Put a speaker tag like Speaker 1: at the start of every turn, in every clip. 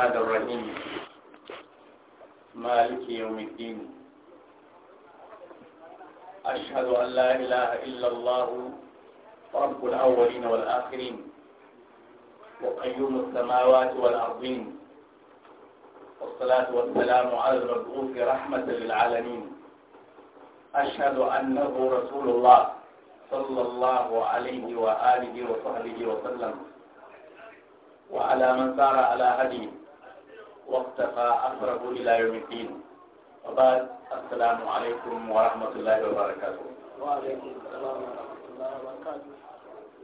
Speaker 1: الرحمن الرحيم مالك يوم الدين أشهد أن لا إله إلا الله رب الأولين والآخرين وقيوم السماوات والأرضين والصلاة والسلام على المبعوث رحمة للعالمين أشهد أنه رسول الله صلى الله عليه وآله وصحبه وسلم وعلى من سار على هديه واقتفى أثره إلى يوم الدين وبعد السلام عليكم ورحمة الله وبركاته وعليكم السلام ورحمة الله وبركاته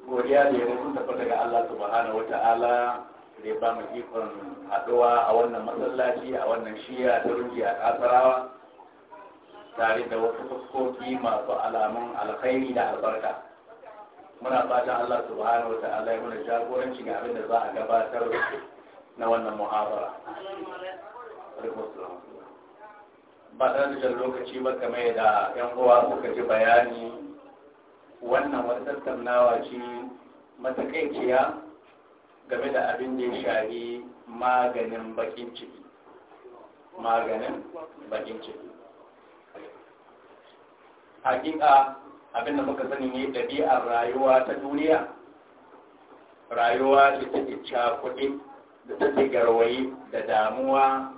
Speaker 2: godiya da yawon tabbata ga Allah subhanahu
Speaker 1: wata'ala da ya ba mu ikon haɗuwa a wannan masallaci a wannan shiya ta rufi a ƙasarawa tare da wasu fuskoki masu alamun alkhairi da albarka muna fatan Allah subhanahu ta'ala ya muna jagoranci ga abin da za a gabatar na wannan muhabara ba tare da lokaci ba kamar da yan uwa kuka ji bayani wannan wani tattaunawa ce matakaiciya game da abin da ya shari maganin bakin ciki maganin bakin ciki hakika abin da muka sani ne ɗabi'ar rayuwa ta duniya rayuwa da ta kuɗi da take garwayi da damuwa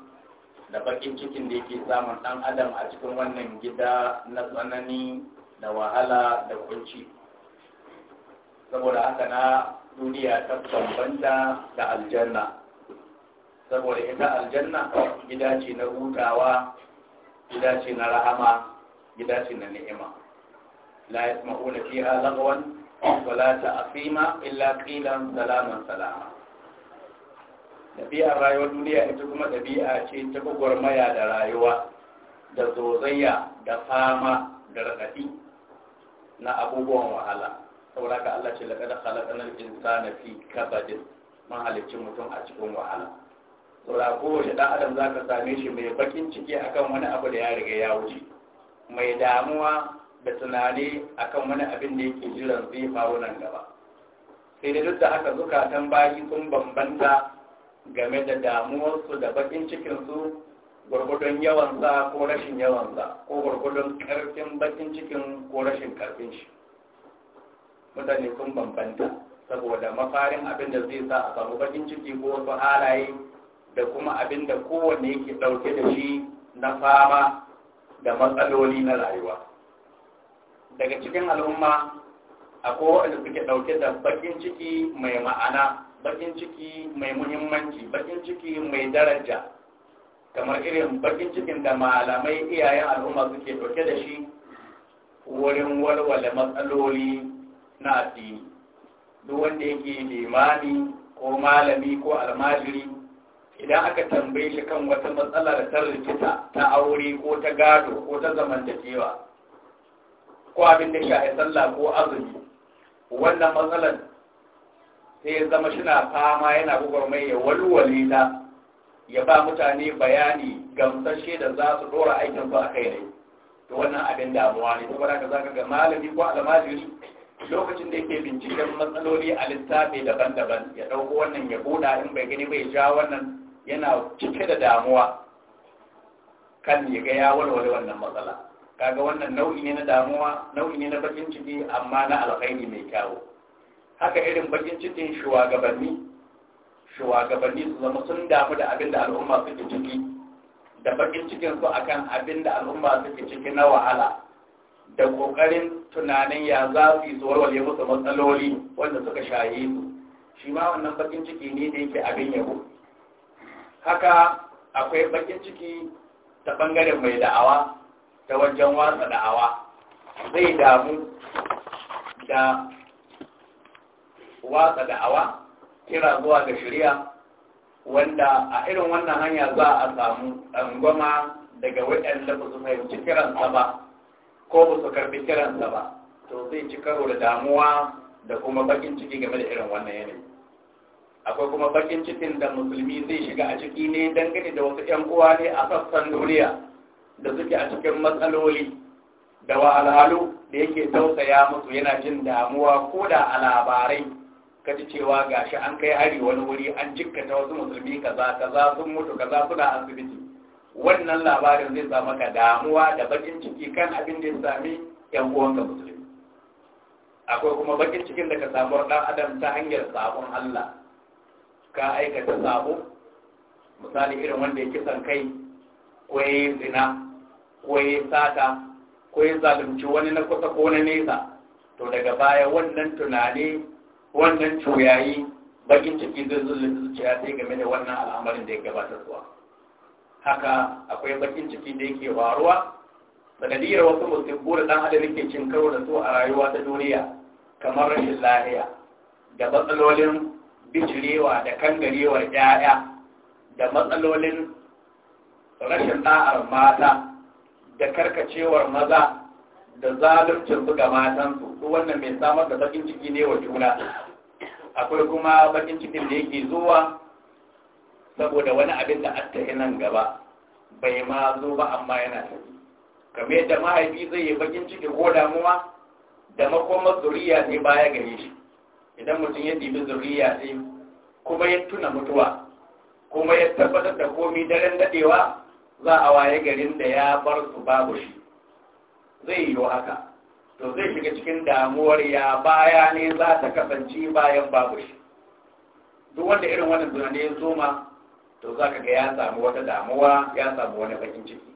Speaker 1: da bakin cikin da yake samun dan adam a cikin wannan gida na tsanani da wahala da kunci saboda haka na duniya ta bambanta da aljanna saboda ita aljanna gida ce na hutawa gida ce na rahama gida ce na ni'ima la yasma'una fiha lagwan wala ta'qima illa qilan salaman salama ɗabi'ar rayuwar duniya ita kuma ɗabi'a ce ta gwagwarmaya da rayuwa da zozayya da fama da raɗaɗi na abubuwan wahala saboda ka Allah ce laƙada halakanar insana fi kabadin mahalicin mutum a cikin wahala saboda kowace ɗan adam za ka same shi mai bakin ciki akan wani abu da ya riga ya wuce mai damuwa da tunani akan wani abin da yake jiran zai faru nan gaba sai da duk da haka zukatan baki sun bambanta game da damuwarsu da bakin cikinsu gwargwadon yawansa ko rashin yawansa ko gwargwadon karfin bakin cikin ko rashin karfin shi mutane sun bambanta saboda mafarin abin da zai sa a samu bakin ciki ko wasu halaye da kuma abin da kowanne yake ɗauke da shi na fama da matsaloli na rayuwa daga cikin al'umma akwai waɗanda suke ɗauke da bakin ciki mai ma'ana bakin ciki mai muhimmanci bakin ciki mai daraja kamar irin bakin cikin da malamai iyayen al'umma suke ɗauke da shi wurin walwale matsaloli na addini duk wanda yake limani ko malami ko almajiri idan aka tambaye shi kan wata matsala da ta rikita ta aure ko ta gado ko ta zamantakewa ko abin da shahi sallah ko azumi wannan matsalar sai ya zama shina fama yana gwagwarmai ya walwale ta ya ba mutane bayani gamsashe da za su dora aikin su a kai ne to wannan abin damuwa ne saboda ka zaka ga malami ko almajiri lokacin da yake binciken matsaloli a littafi daban-daban ya dauko wannan ya buɗa in bai gani bai ja wannan yana cike da damuwa kan ya ga ya walwale wannan matsala kaga wannan nau'i ne na damuwa nau'i ne na bakin ciki amma na alkhairi mai kyau. haka irin bakin cikin shugabanni shugabanni su zama sun damu da abin da al'umma suke ciki da bakin cikin su akan abin da al'umma suke ciki na wahala da kokarin tunanin ya za su yi warware musu matsaloli wanda suka shaye su shi ma wannan bakin ciki ne da yake abin yabo haka akwai bakin ciki ta bangaren mai da'awa ta wajen watsa da'awa zai damu da watsa awa kira zuwa ga shirya. wanda a irin wannan hanya za a samu tsangwama daga waɗanda ba su fahimci kiransa ba ko ba su karɓi kiransa ba to zai ci karo da damuwa da kuma bakin ciki game da irin wannan yanayi akwai kuma bakin cikin da musulmi zai shiga a ciki ne dangane da wasu 'yan uwa ne a sassan duniya da suke a cikin matsaloli da wahalhalu da yake tausaya musu yana jin damuwa ko da a labarai ka ji cewa gashi an kai hari wani wuri an ta wasu musulmi kaza kaza sun mutu kaza suna asibiti wannan labarin zai sa maka damuwa da bakin ciki kan abin da ya sami yan uwan ga musulmi akwai kuma bakin cikin da ka samu dan adam ta hanyar sabon Allah ka aikata sabo misali irin wanda ya kisan kai ko ya yi zina ko ya yi sata ko ya zalunci wani na kusa ko na nesa to daga baya wannan tunani wannan cuyayi bakin ciki zai zuciya sai game da wannan al'amarin da ya gabatar zuwa haka akwai bakin ciki da yake waruwa sanadiyar wasu musulmi da dan adam yake cin karo da su a rayuwa ta duniya kamar rashin lahiya da matsalolin bijirewa da kangarewar 'ya'ya da matsalolin rashin da'ar mata da karkacewar maza da zaluncin buga matan matansu su wannan mai samar da bakin ciki ne wa juna akwai kuma bakin cikin da yake zuwa saboda wani abin da aka yi nan gaba bai ma zo ba amma yana tafi kame yadda mahaifi zai yi bakin ciki ko damuwa da makomar zuriya ne baya gare shi idan mutum ya ɗibi zuriya ne kuma ya tuna mutuwa kuma ya tabbatar da komi daren daɗewa za a waye garin da ya bar su babu shi zai yi haka to zai shiga cikin damuwar ya baya ne za ta kasance bayan babu shi duk wanda irin wannan tunani ya zoma, to za ka ga ya samu wata damuwa ya samu wani bakin ciki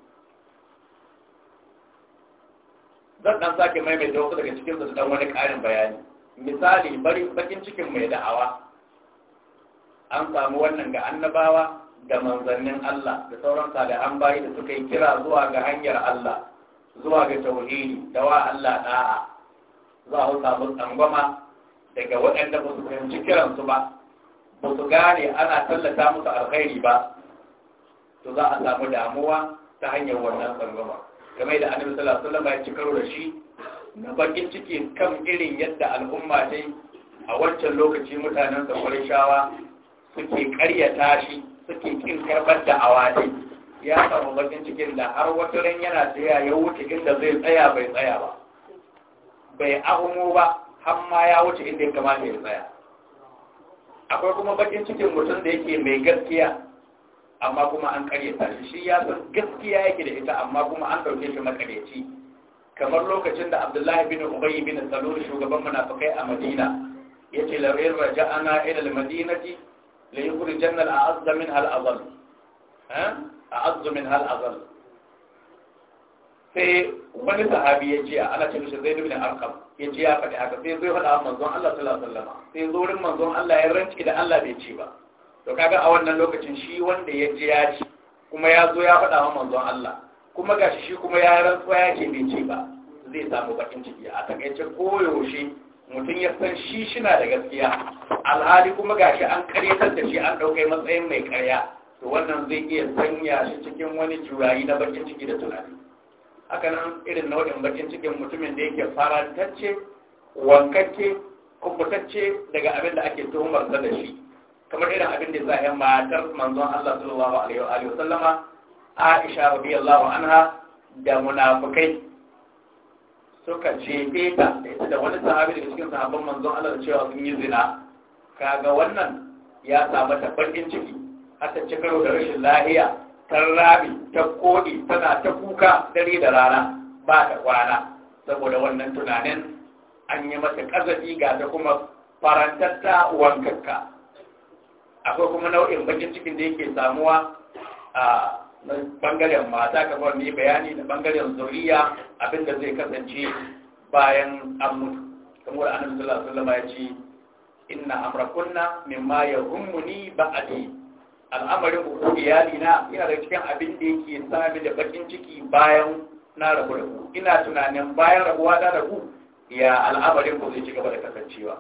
Speaker 1: zan dan sake maimaita wasu daga cikin su dan wani karin bayani misali bari bakin cikin mai da'awa an samu wannan ga annabawa da manzannin Allah da sauran salihan bayi da suka yi kira zuwa ga hanyar Allah zuwa ga tauhidi da wa Allah da'a za a samu tsangwama daga waɗanda ba su fahimci kiransu ba ba su gane ana tallata musu alkhairi ba to za a samu damuwa ta hanyar wannan tsangwama game da annabi sallallahu alaihi wasallam ya ci da shi na bakin ciki kan irin yadda al'umma ta a wancan lokaci mutanen sa shawa suke karyata shi suke kin karbar da awadai ya samu bakin cikin da har wata ran yana tsaya ya wuce inda zai tsaya bai tsaya ba bai ahumo ba har ma ya wuce inda ya kamata ya tsaya akwai kuma bakin cikin mutum da yake mai gaskiya amma kuma an karyata ta shi ya san gaskiya yake da ita amma kuma an ɗauke shi makareci kamar lokacin da abdullahi bin ubayy bin salul shugaban munafikai a madina yake la in raja'ana ila al-madinati la yukhrijanna al-a'azza minha al azal Eh? a azumin hal azal sai wani sahabi ya jiya ana ce mishi zai dubin arkam ya ya faɗi haka sai zai faɗa manzon Allah sallallahu alaihi wasallam sai zorin manzon Allah ya rance da Allah bai ce ba to kaga a wannan lokacin shi wanda ya ji ya ci kuma ya zo ya faɗa manzon Allah kuma gashi shi kuma ya rantsuwa ya ce bai ce ba zai samu bakin ciki a takaice koyaushe mutum ya san shi shina da gaskiya alhali kuma gashi an karyatar da shi an ɗaukai matsayin mai karya to wannan zai iya sanya shi cikin wani jurayi na bakin ciki da tunani hakanan irin nau'in bakin cikin mutumin da yake farantacce wankakke kubutacce daga abin da ake tuhumar da shi kamar irin abin da zai matar manzon Allah sallallahu alaihi wa sallama Aisha radiyallahu anha da munafukai suka jefe ta da wani sahabi daga cikin sahabban manzon Allah cewa sun yi zina kaga wannan ya samu bakin ciki aka ci karo da rashin lahiya ta rabi ta kodi tana ta kuka dare da rana ba ta kwana saboda wannan tunanin an yi mata kazafi ga ta kuma farantatta wankakka akwai kuma nau'in bakin cikin da yake samuwa a bangaren mata kamar mai bayani da bangaren zuriya abinda zai kasance bayan an mutu kamar annabi sallallahu alaihi wasallam ya ce inna amrakunna mimma yahummuni ba'adi al'amarin ko iyali na ina da cikin abin da yake sami da bakin ciki bayan na rabu rabu ina tunanin bayan rabuwa da rabu ya al'amarin ku zai ci da kasancewa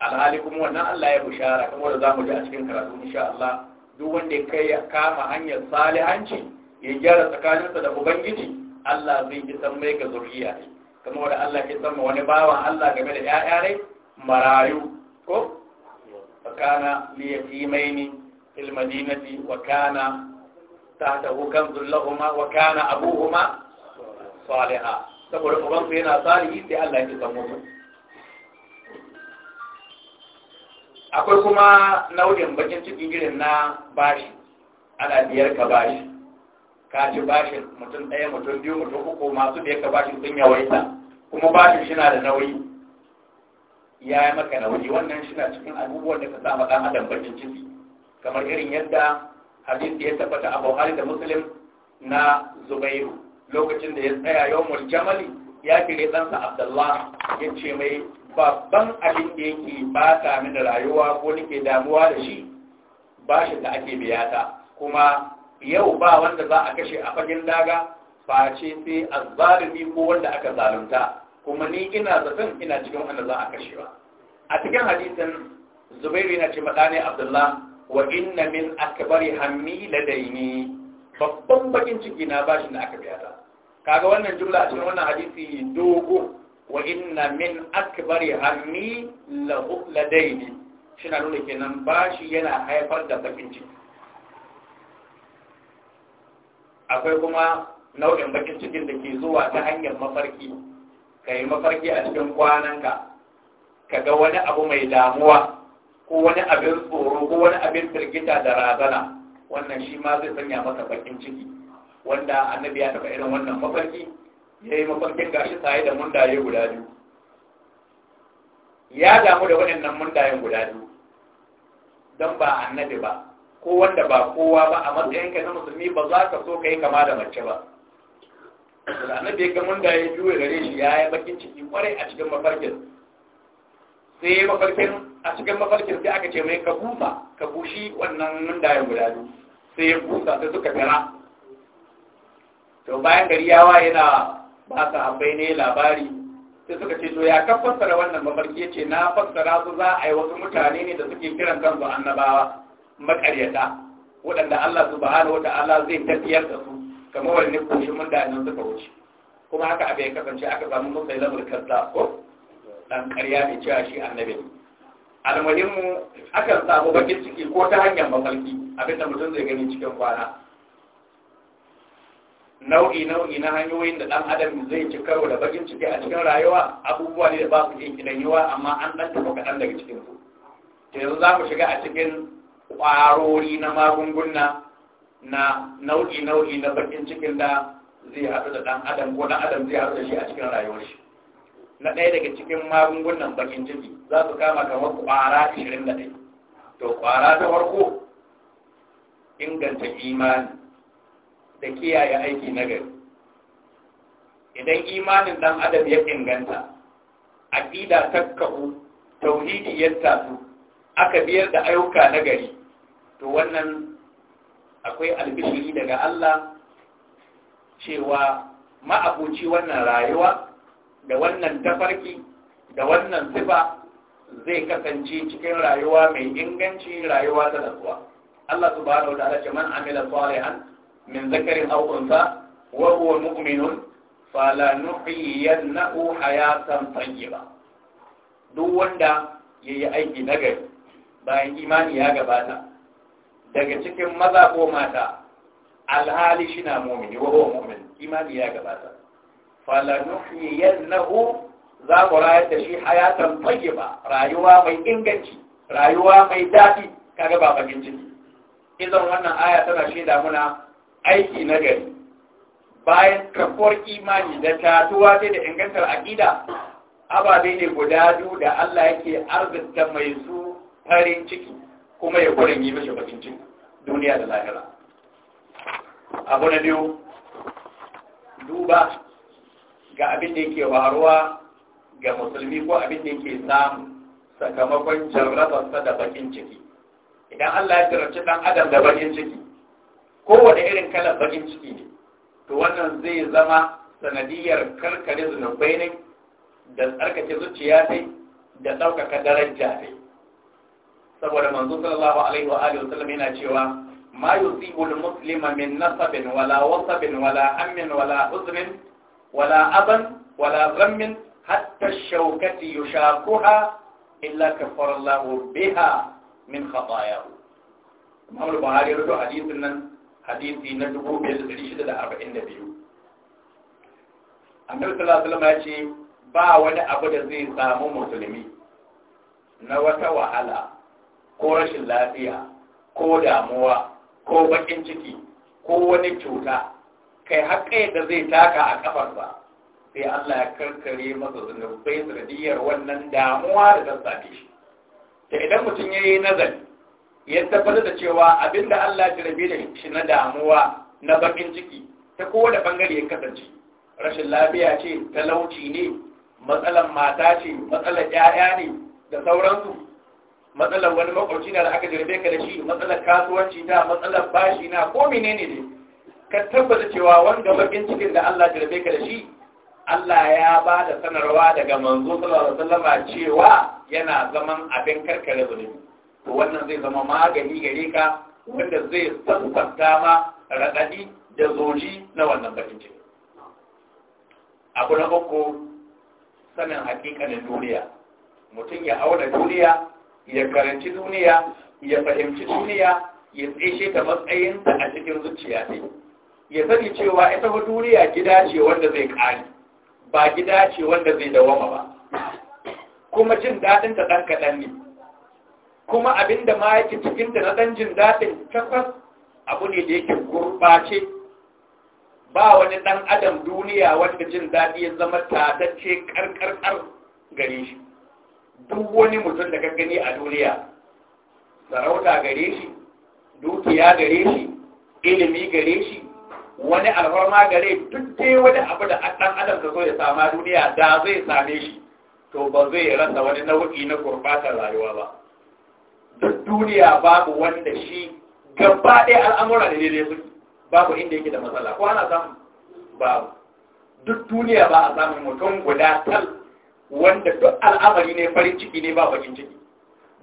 Speaker 1: alhali kuma wannan Allah ya bushara kuma da zamu ji a cikin karatu insha Allah duk wanda ya kai kama hanyar salihanci ya gyara tsakaninsa da ubangiji Allah zai yi san mai ga zuriya Kuma da Allah ke san wani bawan Allah game da ƴaƴa rai marayu ko kana liyatimaini في المدينة وكان تحته كنز لهما وكان أبوهما صالحا تقول أبن فينا صالحي في الله يتسمونه akwai kuma nau'in bakin cikin irin na bashi ana biyar ka bashi ka ci bashin mutum ɗaya mutum biyu mutum uku masu biyar ka bashin sun yawaita kuma bashin shi na da nauyi ya yi maka nauyi wannan shi na cikin abubuwan da ka sa ma ɗan adam bakin ciki kamar irin yadda hadisi ya tabbata a Buhari da Muslim na Zubairu lokacin da ya tsaya yawmul jamali ya kire ɗansa Abdullah ya ce mai babban abin da yake ba ta da rayuwa ko nake damuwa da shi shi da ake biyata. kuma yau ba wanda za a kashe a fagen daga face sai azzalimi ko wanda aka zalunta kuma ni ina zaton ina cikin wanda za a kashe ba a cikin hadisin Zubairu yana ce madani Abdullah wa inna min akbari hammi ladaini babban bakin ciki na bashin da aka biya ta kaga wannan jumla a cikin wannan hadisi dogo wa inna min akbari hammi ladaini shi na nuna kenan bashi yana haifar da bakin ciki akwai kuma nau'in bakin cikin da ke zuwa ta hanyar mafarki ka yi mafarki a cikin kwananka ka ga wani abu mai damuwa ko wani abin tsoro ko wani abin firgita da razana wannan shi ma zai sanya masa bakin ciki wanda annabi ya taɓa irin wannan mafarki ya yi mafarkin gashi saye da mundaye guda biyu ya damu da waɗannan mundayen guda biyu don ba annabi ba ko wanda ba kowa ba a matsayinka na musulmi ba za ka so ka yi kama da mace ba annabi ya ga mundaye ya gare shi ya yi bakin ciki kwarai a cikin mafarkin sai mafarkin a cikin mafarkin sai aka ce mai ka busa ka bushi wannan mundayen guda biyu sai ya busa sai suka gara. to bayan gari yawa yana ba su abai ne labari sai suka ce to ya ka fassara wannan mafarki ce na fassara su za a yi wasu mutane ne da suke kiran kansu annabawa makaryata waɗanda Allah subhanahu wa ta'ala zai tafiyar da su kamar wani koshin mundayen suka wuce kuma haka abin ya kasance aka samu musailabul kazzab ko dan ƙarya mai cewa shi annabi ne almuhimmu akan samu bakin ciki ko ta hanyar mafarki abinda mutum zai gani cikin kwana nau'i nau'i na hanyoyin da dan adam zai ci karo da bakin ciki a cikin rayuwa abubuwa ne da ba su yin kidan yawa amma an dan tafi kaɗan daga cikin su to yanzu za mu shiga a cikin ƙwarori na magunguna na nau'i nau'i na bakin cikin da zai haɗu da dan adam ko dan adam zai haɗu da shi a cikin rayuwar shi na ɗaya daga cikin magungunan bakin jini za su kama kamar ƙwara 21 to ƙwara ta farko inganta imani da kiyaye aiki na gari idan imanin dan adam ya inganta aƙida ta kahu tauhidi ya tasu aka biyar da ayyuka na gari to wannan akwai albishiri daga Allah cewa ma'abuci wannan rayuwa da wannan tafarki da wannan sifa zai kasance cikin rayuwa mai inganci rayuwa ta nasuwa Allah subhanahu wa ta'ala ce man amila salihan min zakarin aw unsa wa huwa mu'minun fala nuhyiyannahu hayatan tayyiba duk wanda yayi aiki nagari bayan imani ya gabata daga cikin maza ko mata alhali shi na mu'mini wa huwa mu'min imani ya gabata falanuhyiyannahu za ku rayar da shi hayatan ba, rayuwa mai inganci rayuwa mai daɗi kaga ba ciki idan wannan aya tana shaida muna aiki na gari bayan kafuwar imani da tatuwa ce da ingantar aƙida ababe ne guda biyu da Allah yake arzikta mai su farin ciki kuma ya gurin yi mishi bakin ciki duniya da lahira abu na biyu duba ga abin da yake waruwa ga musulmi ko abin da yake samu sakamakon jarrabarsa da bakin ciki idan Allah ya jarrabci dan adam da bakin ciki kowane irin kalar bakin ciki ne to wannan zai zama sanadiyar karkare zunubai ne da tsarkake zuciya sai da ɗaukaka daraja sai. saboda manzo sallallahu alaihi wa alihi wasallam yana cewa ma yusibu al-muslima min nasabin wala wasabin wala hammin wala uzrin wala aban wala zammin hatta shaukati yushakuha illa kafara Allah biha min khatayahu Imam al-Bukhari rawaito hadisin nan hadisi na dubu da da shida arba'in 2642 Annabi sallallahu alaihi wasallam ya ce ba wani abu da zai samu musulmi na wata wahala ko rashin lafiya ko damuwa ko bakin ciki ko wani cuta kai haƙƙai da zai taka a ƙafar ba, sai Allah ya karkare masa zunubai sanadiyar wannan damuwa da ta same shi da idan mutum ya yi nazari ya tabbatar da cewa abin da Allah ya rabe da shi na damuwa na bakin ciki ta kowane bangare ya kasance rashin lafiya ce talauci ne matsalan mata ce matsalan 'ya'ya ne da sauransu matsalar wani makwabci na da aka jirbe ka da shi matsalar kasuwanci ta, matsalar bashi na ko menene ne ka tabbata cewa wanda bakin cikin da Allah jirbe ka da shi Allah ya ba da sanarwa daga manzo sallallahu alaihi wasallam cewa yana zaman abin karkare zulumi to wannan zai zama magani gare ka wanda zai sassanta ma radadi da zoji na wannan bakin cikin abu na uku sanin hakikanin duniya mutum ya auna duniya ya karanci duniya ya fahimci duniya ya tsaye ta matsayinta a cikin zuciya ne ya sani cewa ita fa duniya gida ce wanda zai kare ba gida ce wanda zai dawama ba kuma jin daɗin ta ɗan kaɗan ne kuma abin da ma yake cikin ta na ɗan jin daɗin takwas abu ne da yake gurɓace ba wani ɗan adam duniya wanda jin daɗi ya zama tatacce ƙarƙarƙar gare shi duk wani mutum da ka gani a duniya sarauta gare shi dukiya gare shi ilimi gare shi wani alfarma gare duk dai wani abu da ɗan adam ka zo ya sama duniya da zai same shi to ba zai rasa wani nau'i na gurbatar rayuwa ba duk duniya babu wanda shi gaba ɗaya al'amura da daidai su babu inda yake da matsala ko ana samu babu duk duniya ba a samun mutum guda tal wanda duk al'amari ne farin ciki ne babu bakin ciki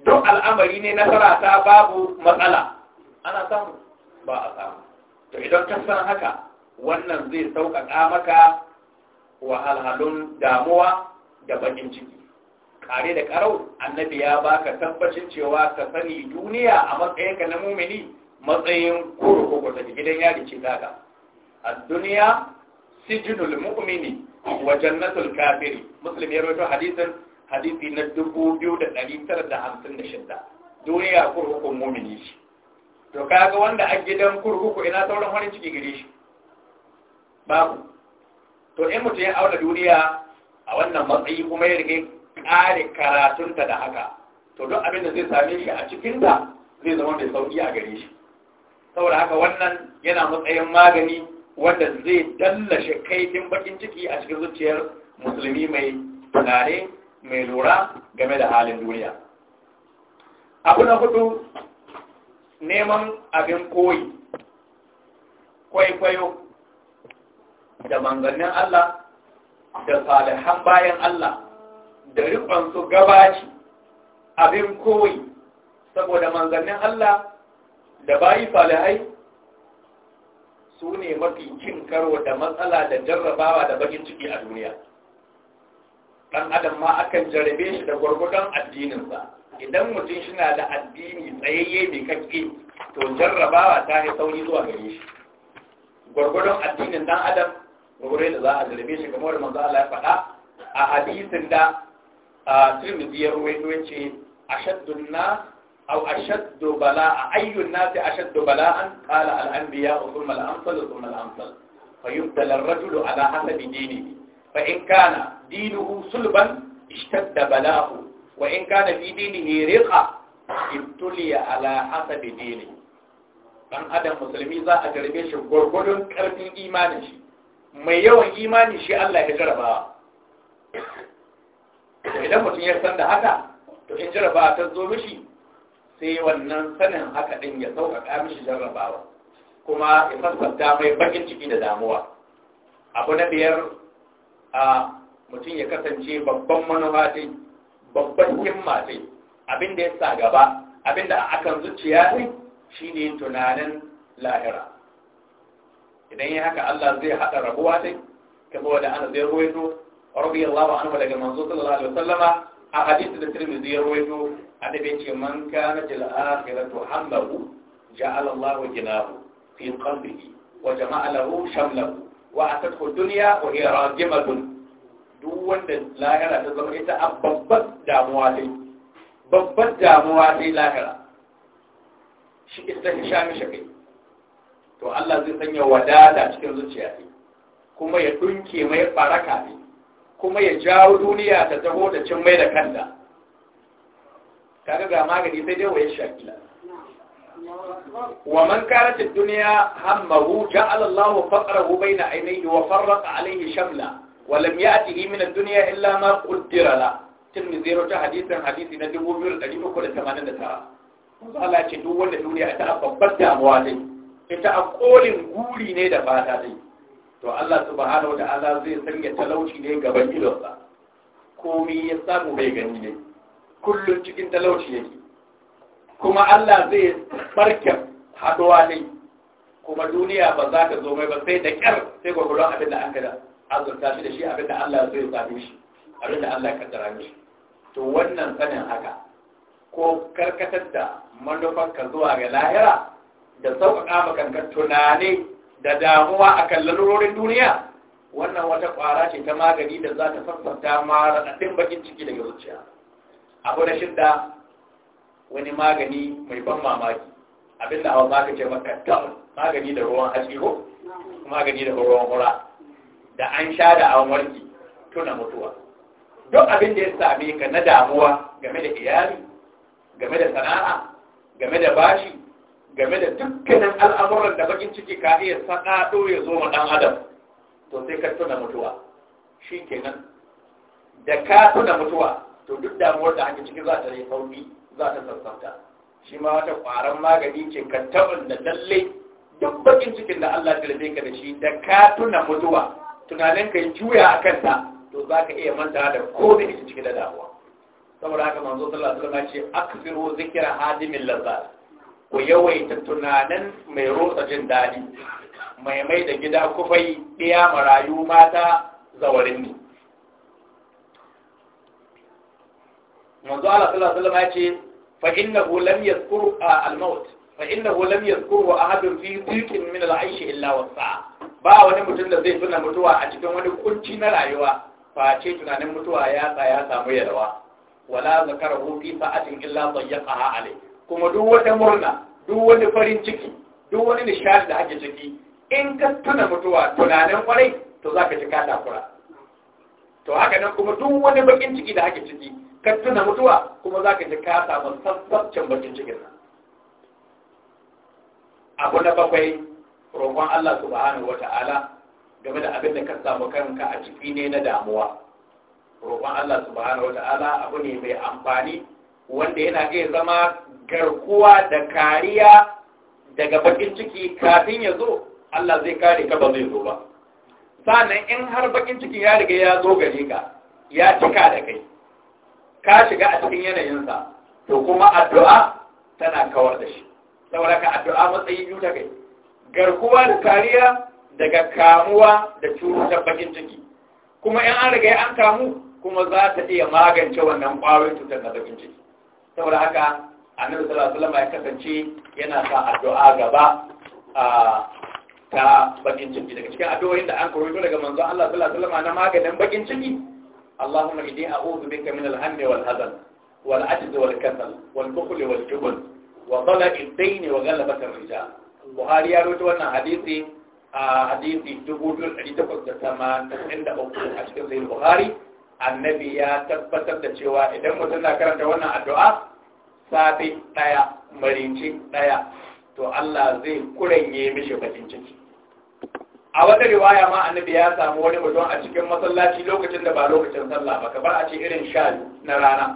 Speaker 1: duk al'amari ne nasara ta babu matsala ana samu ba a samu to idan ka san haka wannan zai sauƙaƙa maka wahalhalun damuwa da bakin ciki kare da karau annabi ya baka tabbacin cewa ka sani duniya a matsayinka na mumini matsayin kurkuku ta gidan yari ce daga a duniya sijinul mu'mini wa jannatul kafiri muslim ya rawaito hadisin hadisi na 2956 duniya kurkukun mumini shi to kaga wanda a gidan kurkuku ina sauran wani ciki gare shi babu to in mutum ya auna duniya a wannan matsayi kuma ya rike kare karatunta da haka to duk abin da zai same shi a cikinta zai zama mai sauki a gare shi saboda haka wannan yana matsayin magani wanda zai dallashe kaifin bakin ciki a cikin zuciyar musulmi mai tunare mai lura game da halin duniya abu na hudu neman abin koyi kwaikwayo da manganin Allah da salihan bayan Allah da su gabaci abin koyi saboda manganin Allah da bayi salihai su ne mafi cin karo da matsala da jarrabawa da bakin ciki a duniya ɗan adam ma akan jarrabe shi da gwargwadon addininsa idan mutum shina da addini tsayayye mai kakke to jarrabawa ta yi sauri zuwa gare shi gwargwadon addinin dan adam gwargwadon da za a zarbe shi kamar da manzo Allah ya faɗa a hadisin da Tirmidhi ya ruwaito yace ashaddun nas aw ashaddu bala'a an nas ashaddu bala'an qala al-anbiya thumma al-amsal thumma al-amsal fayubdal ar-rajulu ala hasabi dinihi fa in kana dinuhu sulban ishtadda bala'u wa in kana fi ne riqa ibtuliya ala hasabi dini dan adam musulmi za a garbe shi gwargwadon karfin imanin shi mai yawan imanin shi Allah ya jarabawa idan mutum ya san da haka to in jarabawa ta zo mishi sai wannan sanin haka din ya sauƙaƙa mishi jarabawa kuma ya fassarta mai bakin ciki da damuwa abu na biyar a mutum ya kasance babban manufa din babban himma ce abin da ya sa gaba abin da akan zuciya ne shine tunanin lahira idan yi haka Allah zai haɗa rabuwa ne kamar wanda ana zai ruwaito radiyallahu anhu daga manzo sallallahu alaihi wasallama a hadisi da Tirmidhi ya ruwaito annabi ce man kana jil akhiratu hamlahu ja'ala Allahu jinahu fi qalbihi wa jama'a lahu shamlahu wa atathu dunya wa hiya rajimatun duk wanda lahira ta zama ita a babban damuwa dai babban damuwa dai lahira shi ita ta sha mishi kai to Allah zai sanya wadata cikin zuciya ne kuma ya dunke mai baraka ne kuma ya jawo duniya ta taho da cin mai da kanta kaga ga magani sai dai waye shaki wa ومن كانت الدنيا همه جعل الله فقره بين عينيه وفرق عليه farraqa alayhi shamla ya duniya ولم يأته من الدنيا إلا ما hadisi na dubu biyu da حديثي ندبو بير الأليم كل ثمانين ترى Allah ce duk wanda duniya ita a babbar damuwa dai ita a kolin guri ne da fata dai to Allah subhanahu wa ta'ala zai sanya talauci ne gaban idonsa komai ya samu bai gani ne kullum cikin talauci yake kuma Allah zai barke haduwa ne kuma duniya ba za ka zo mai ba sai da kyar sai gwagwaron abin da an gada azurta shi da shi abin da Allah zai sami shi abin da Allah kaddara mishi to wannan sanin haka ko karkatar da manufanka zuwa ga lahira da sauƙaƙa makanka tunani da damuwa a kan lalurorin duniya wannan wata ƙwara ce ta magani da za ta sassanta ma raɗaɗin bakin ciki daga zuciya abu na shidda wani magani mai ban mamaki abinda hawa ba ka ce maka magani da ruwan hajji ko magani da ruwan hura da an sha da an warke tuna mutuwa duk abin da ya same ka na damuwa game da iyali game da sana'a game da bashi game da dukkanin al'amuran da bakin ciki ka iya sanaɗo ya zo ma ɗan adam to sai ka tuna mutuwa shi kenan da ka tuna mutuwa to duk damuwar da ake ciki za ta yi sauki za ta sassanta, shi ma wata ƙwaron magani ce ka taɓin da lallai duk bakin cikin da Allah ya ka da shi da ka tuna mutuwa tunanin ka juya a kanta to za ka iya manta da komai da cikin damuwa saboda haka manzo sallallahu alaihi wasallam ce aksiru zikra hadimin lazza ku yawaita tunanin mai rotsa jin dadi mai mai da gida kufai ɗiya marayu mata zawarin ne manzo Allah sallallahu alaihi wasallam ya ce fa innahu lam yadhkur al-maut fa innahu lam yadhkur ahadun fi dhiqin min al-aish illa sa'a. ba wani mutum da zai tuna mutuwa a cikin wani kunci na rayuwa ce tunanin mutuwa ya ya samu yalwa wala zakara hu fi sa'atin illa dayyaqaha alai kuma duk wata murna duk wani farin ciki duk wani nishadi da ake ciki in ka tuna mutuwa tunanin kwarai to zaka ji ka takura to haka nan kuma duk wani bakin ciki da ake ciki ka tuna mutuwa kuma zaka ji ka samu sassabcin bakin cikin nan abu na bakwai roƙon Allah subhanahu ta'ala, game da abin da ka samu kanka a ciki ne na damuwa roƙon Allah subhanahu wata'ala abu ne mai amfani wanda yana iya zama garkuwa da kariya daga bakin ciki kafin ya zo Allah zai kare ka ba zai zo ba sannan in har bakin ciki ya riga ya zo gare ka ya cika da kai ka shiga a cikin yanayinsa to kuma addu'a tana kawar da shi saboda ka addu'a matsayi biyu kai garkuwa da kariya daga kamuwa da cutar bakin ciki kuma in an riga an kamu kuma za ta iya magance wannan ƙwayoyin cutar na bakin ciki saboda haka annabi sallallahu alaihi wasallam ya kasance yana sa addu'a gaba ta bakin ciki daga cikin addu'o'in da an karanto daga manzo Allah sallallahu alaihi wasallam na maganin bakin ciki Allahumma inni a'udhu bika min al-hammi wal hazan wal ajz wal kasal wal bukhl wal jubn wa dhalal ad-dayn wa ghalabat ar-rijal buhari ya rute wannan hadisi a hadisi 2883 a cikin zai buhari annabi ya tabbatar da cewa idan mutum na karanta wannan addu'a safe daya marinci daya to Allah zai kuranye mishi bakin ciki a wata riwaya ma annabi ya samu wani mutum a cikin masallaci lokacin da ba lokacin sallah ba kamar a ce irin sha na rana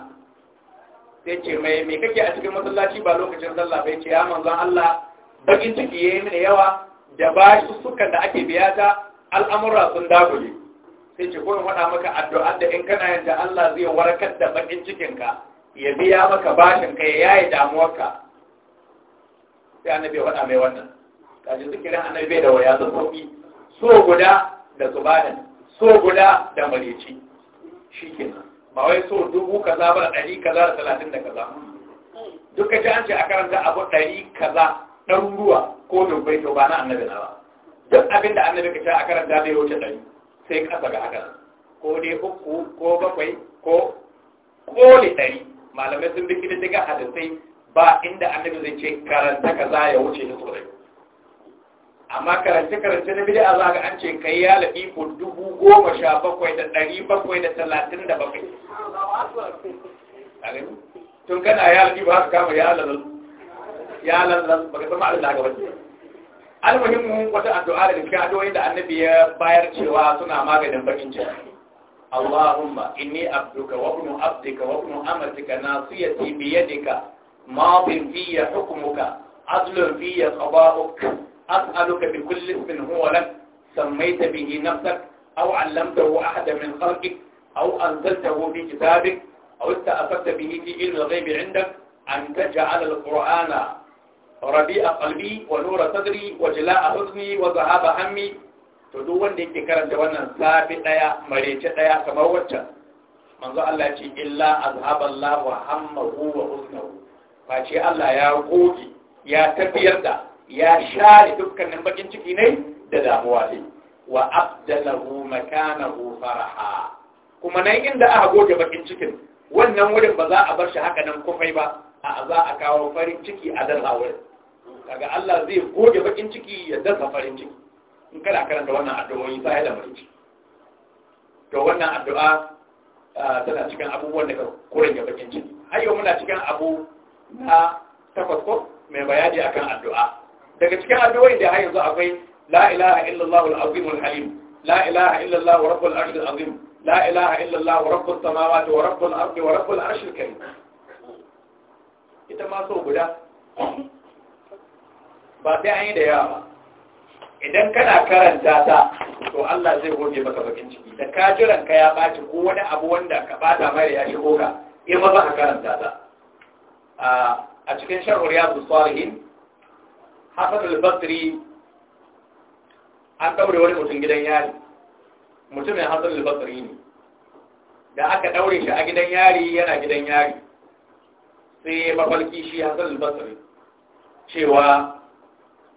Speaker 1: sai ce mai me kake a cikin masallaci ba lokacin sallah bai ce ya manzon Allah bakin ciki ya yi mini yawa da bashi sukan da ake biya ta al'amura sun dagule sai ce kuma wada maka addu'ar da in kana yin Allah zai warkar da bakin cikinka ya biya maka bashinka ya yaye damuwarka sai annabi ya faɗa mai wannan kaji kiran annabi bai da waya sun sauki so guda da zubanin so guda da mareci shi kenan ba wai so dubu kaza ba da ɗari kaza da talatin da kaza duka ji an ce a karanta abu ɗari kaza ɗaruruwa ko dubbai to ba na annabi na ba duk abin da annabi ka ce a karanta bai wuce ɗari sai ƙasa ga haka ko dai uku ko bakwai ko ƙoli ɗari malamai sun bi kididdiga hadisai ba inda annabi zai ce karanta ka za ya wuce ni tsorai amma karance karance na bid'a za ga an ce kai ya lafi ko dubu goma sha bakwai da ɗari bakwai da talatin da bakwai tun kana ya lafi ba su kama ya lafi ya lallan baka san ma'anar da haka bace almuhimmu wata addu'a da cikin addu'o'in da annabi ya bayar cewa suna maganin bakin ciki Allahumma inni abduka wa ibnu abdika wa ibnu amatika nasiyati bi yadika madin fiyya hukmuka adlun fiyya qada'uk as'aluka bi kulli ismin huwa lak سميت به نفسك أو علمته أحدا من خلقك أو أنزلته في كتابك أو استأثرت به في علم الغيب عندك أن تجعل القرآن a ƙalbi, wa nura sadri wa a huzni wa zahaba hammi to duk wanda yake karanta wannan safi ɗaya, marece daya kamar waccan manzo Allah ya ce illa azhaba Allah wa hammahu wa huznahu ba ce Allah ya goge ya tafiyar da ya share dukkanin bakin ciki ne da damuwa ne wa abdalahu makanahu faraha kuma nan inda aka goge bakin cikin wannan wurin ba za a bar shi haka nan kufai ba a za a kawo farin ciki a dan daga Allah zai goge bakin ciki ya dasa farin ciki in kana karanta wannan addu'o'i sai da mai to wannan addu'a tana cikin abubuwan da koren ya bakin ciki har yau muna cikin abu na takwas ko mai bayani akan addu'a daga cikin addu'o'i da har yanzu akwai la ilaha illallah al-azim al-halim la ilaha illallah rabbul arsh al-azim la ilaha illallah rabbus samawati wa rabbul ardi wa rabbul arsh al-karim ita ma so guda ba sai an yi da yawa ba idan kana karanta ta to Allah zai goge maka bakin ciki da ka jiran ka ya baci ko wani abu wanda ka bata mai ya shigo ka in za ka karanta ta a cikin sharhur ya su salihin hasan al-basri an daure wani mutum gidan yari mutumin hasan al-basri ne da aka daure shi a gidan yari yana gidan yari sai mafalki shi hasan al-basri cewa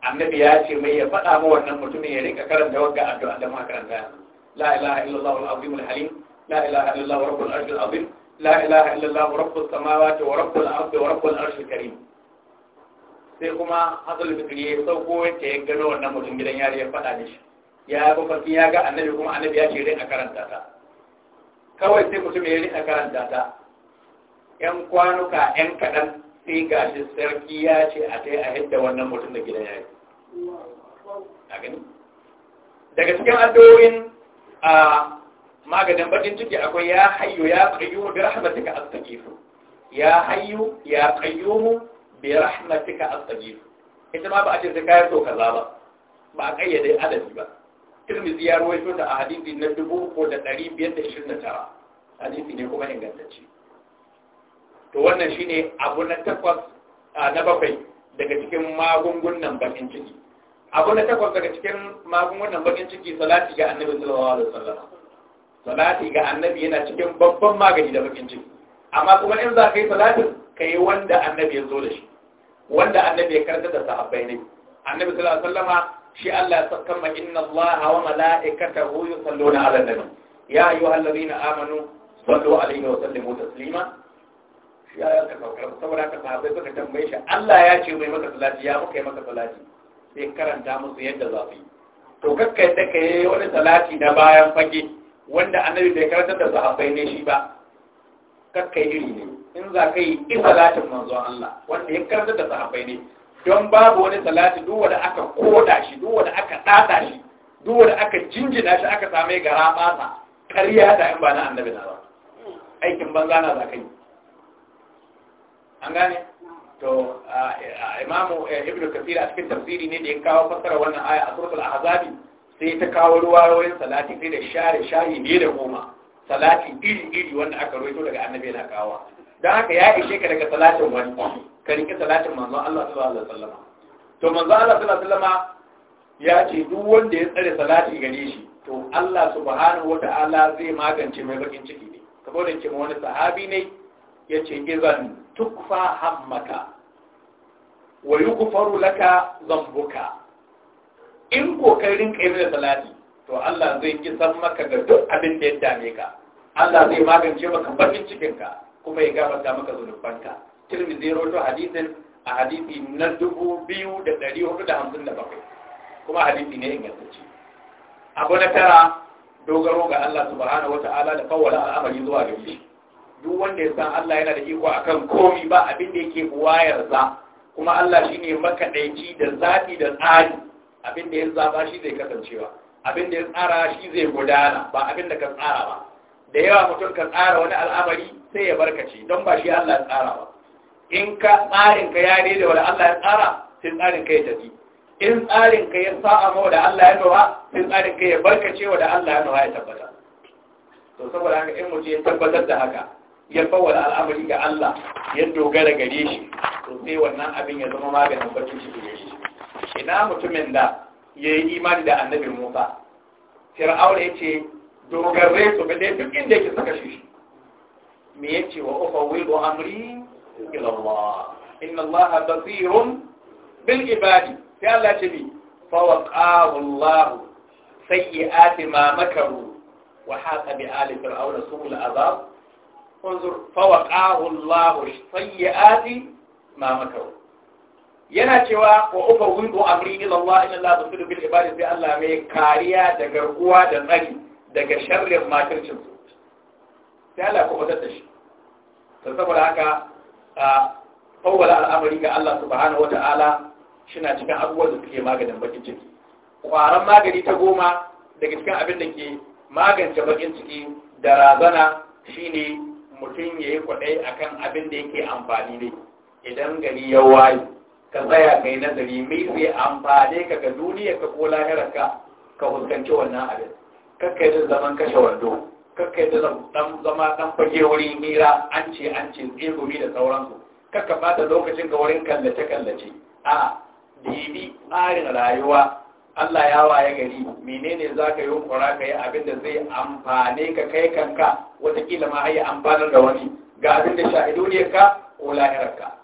Speaker 1: annabi ya ce mai ya faɗa ma wannan mutumin ya rinka karanta wagga addu'a da makaranta yanzu la ilaha illallah al-azim al-halim la ilaha illallah rabbul arshil azim la ilaha illallah rabbus samawati wa rabbul ardi wa rabbul arshil karim sai kuma hasan fikri ya sauko yake ya gano wannan mutum gidan yari ya faɗa da ya ga farki ya ga annabi kuma annabi ya ce rinka karanta ta kawai sai mutum ya rinka karanta ta yan kwanuka yan kaɗan sai ga shi sarki ya ce a yi a hidda wannan mutum da ya yi a gani daga cikin addu'o'in a maganin bakin ciki akwai ya hayyu ya ƙayyo bi rahmatika jifu. ya hayyu ya mu bi rahmatika jifu. ita ma ba a ce sai kayan to kaza ba ba a ƙayyade adadi ba tirmidhi ya rawaito da a hadisi na 3529 hadisi ne kuma ingantacce to wannan shine abu na takwas na bakwai daga cikin magungunan bakin ciki abu na takwas daga cikin magungunan bakin ciki salati ga annabi sallallahu alaihi wasallam salati ga annabi yana cikin babban magani da bakin ciki amma kuma in za ka yi salatin ka yi wanda annabi ya zo da shi wanda annabi ya karanta da sahabbai ne annabi sallallahu alaihi wasallam shi Allah ya saka ma inna Allah wa mala'ikatahu yusalluna ala nabi ya ayyuhallazina amanu sallu alaihi wa sallimu taslima ya ya ka saukar saboda ka sahabbai suka tambaye shi Allah ya ce mai maka salati ya muka yi maka salati sai karanta musu yadda za su yi to kakkai da ka yi wani salati na bayan fage wanda annabi bai karantar da sahabbai ne shi ba kakkai iri ne in za ka yi in salatin manzon Allah wanda ya karantar da sahabbai ne don babu wani salati duk wanda aka koda shi duk wanda aka tsada shi duk wanda aka jinjina shi aka same gara basa ƙarya da in ba na annabi na ba aikin banza na za ka yi an gane to imamu eh, ibn kafir a cikin tafsiri ne da ya kawo fasara wannan aya a a ahzabi sai ta kawo ruwayoyin salati sai da share shahi ne da goma salati iri iri wanda aka rawaito daga annabi yana kawo dan haka ya ishe ka daga salatin wani ka rike salatin manzon Allah sallallahu alaihi wasallam to manzon Allah sallallahu alaihi wasallam ya ce duk wanda ya tsare salati gare shi to Allah subhanahu wataala zai magance mai bakin ciki ne da ke wani sahabi ne ya ce izan tukfa hammaka wa yughfaru laka dhanbuka in kokarin kai da salati to Allah zai kisan maka da duk abin da ya dame ka Allah zai magance maka bakin cikin ka kuma ya gafarta maka zunubanka Tirmidhi ya rawaito hadisin a hadisi na dubu biyu da da da hudu hamsin bakwai, kuma hadisi ne ingantacce abu na tara dogaro ga Allah subhanahu wataala da kawwala al'amari zuwa gare duk wanda ya san Allah yana da iko akan komi ba abin da yake wayar za, kuma Allah shi ne makadaici da zaɓi da tsari abin da ya zaba shi zai kasancewa abin da ya tsara shi zai gudana ba abin da ka tsara ba da yawa mutum ka tsara wani al'amari sai ya barkace don ba shi Allah ya tsara ba in ka tsarin ka ya daidai wanda Allah ya tsara sai tsarin ka ya tafi in tsarin ka ya sa'a ma da Allah ya nawa sai tsarin ka ya barkace wa da Allah ya nawa ya tabbata to saboda haka in mutum ya tabbatar da haka ya bawar al'amari ga Allah ya dogara gare shi to sai wannan abin ya zama maganin bakin shi gare shi ina mutumin da ya yi imani da annabi Musa Fir'aun ya ce dogarre su bi duk inda yake saka shi me ce wa ufawwidu amri ila Allah inna Allah basirun bil ibadi sai Allah ce bi fa waqahu Allah sayyi'ati ma makaru wa haqa bi ali fir'auna su'ul azab unzur fawaqahu Allah sayyi'ati ma makaru yana cewa wa ufa windu amri ila Allah inna Allah basiru bil ibadi sai Allah mai kariya daga ruwa da tsari daga sharrin makircin su sai Allah ko da shi to saboda haka a fawwala al'amari ga Allah subhanahu wata'ala shina cikin abubuwan da suke maganin bakin ciki kwaran magani ta goma daga cikin abin da ke magance bakin ciki da razana shine mutum ya yi kwaɗai a kan abin da yake amfani ne idan gari ya waye ka tsaya ka yi nazari mai zai amfane ka ga duniya ka ko lahirarka ka fuskanci wannan abin kakka da zaman kashe wando kakka da zama ɗan fage wuri mira an ce an ce tsegumi da sauransu kakka bata lokacin ga wurin kallace kallace a dibi tsarin rayuwa Allah ya waye gari menene za ka yi kura ka yi abin da zai amfane ka kai kanka watakila ma hayi amfanar da wani ga abin da ka ko lahirarka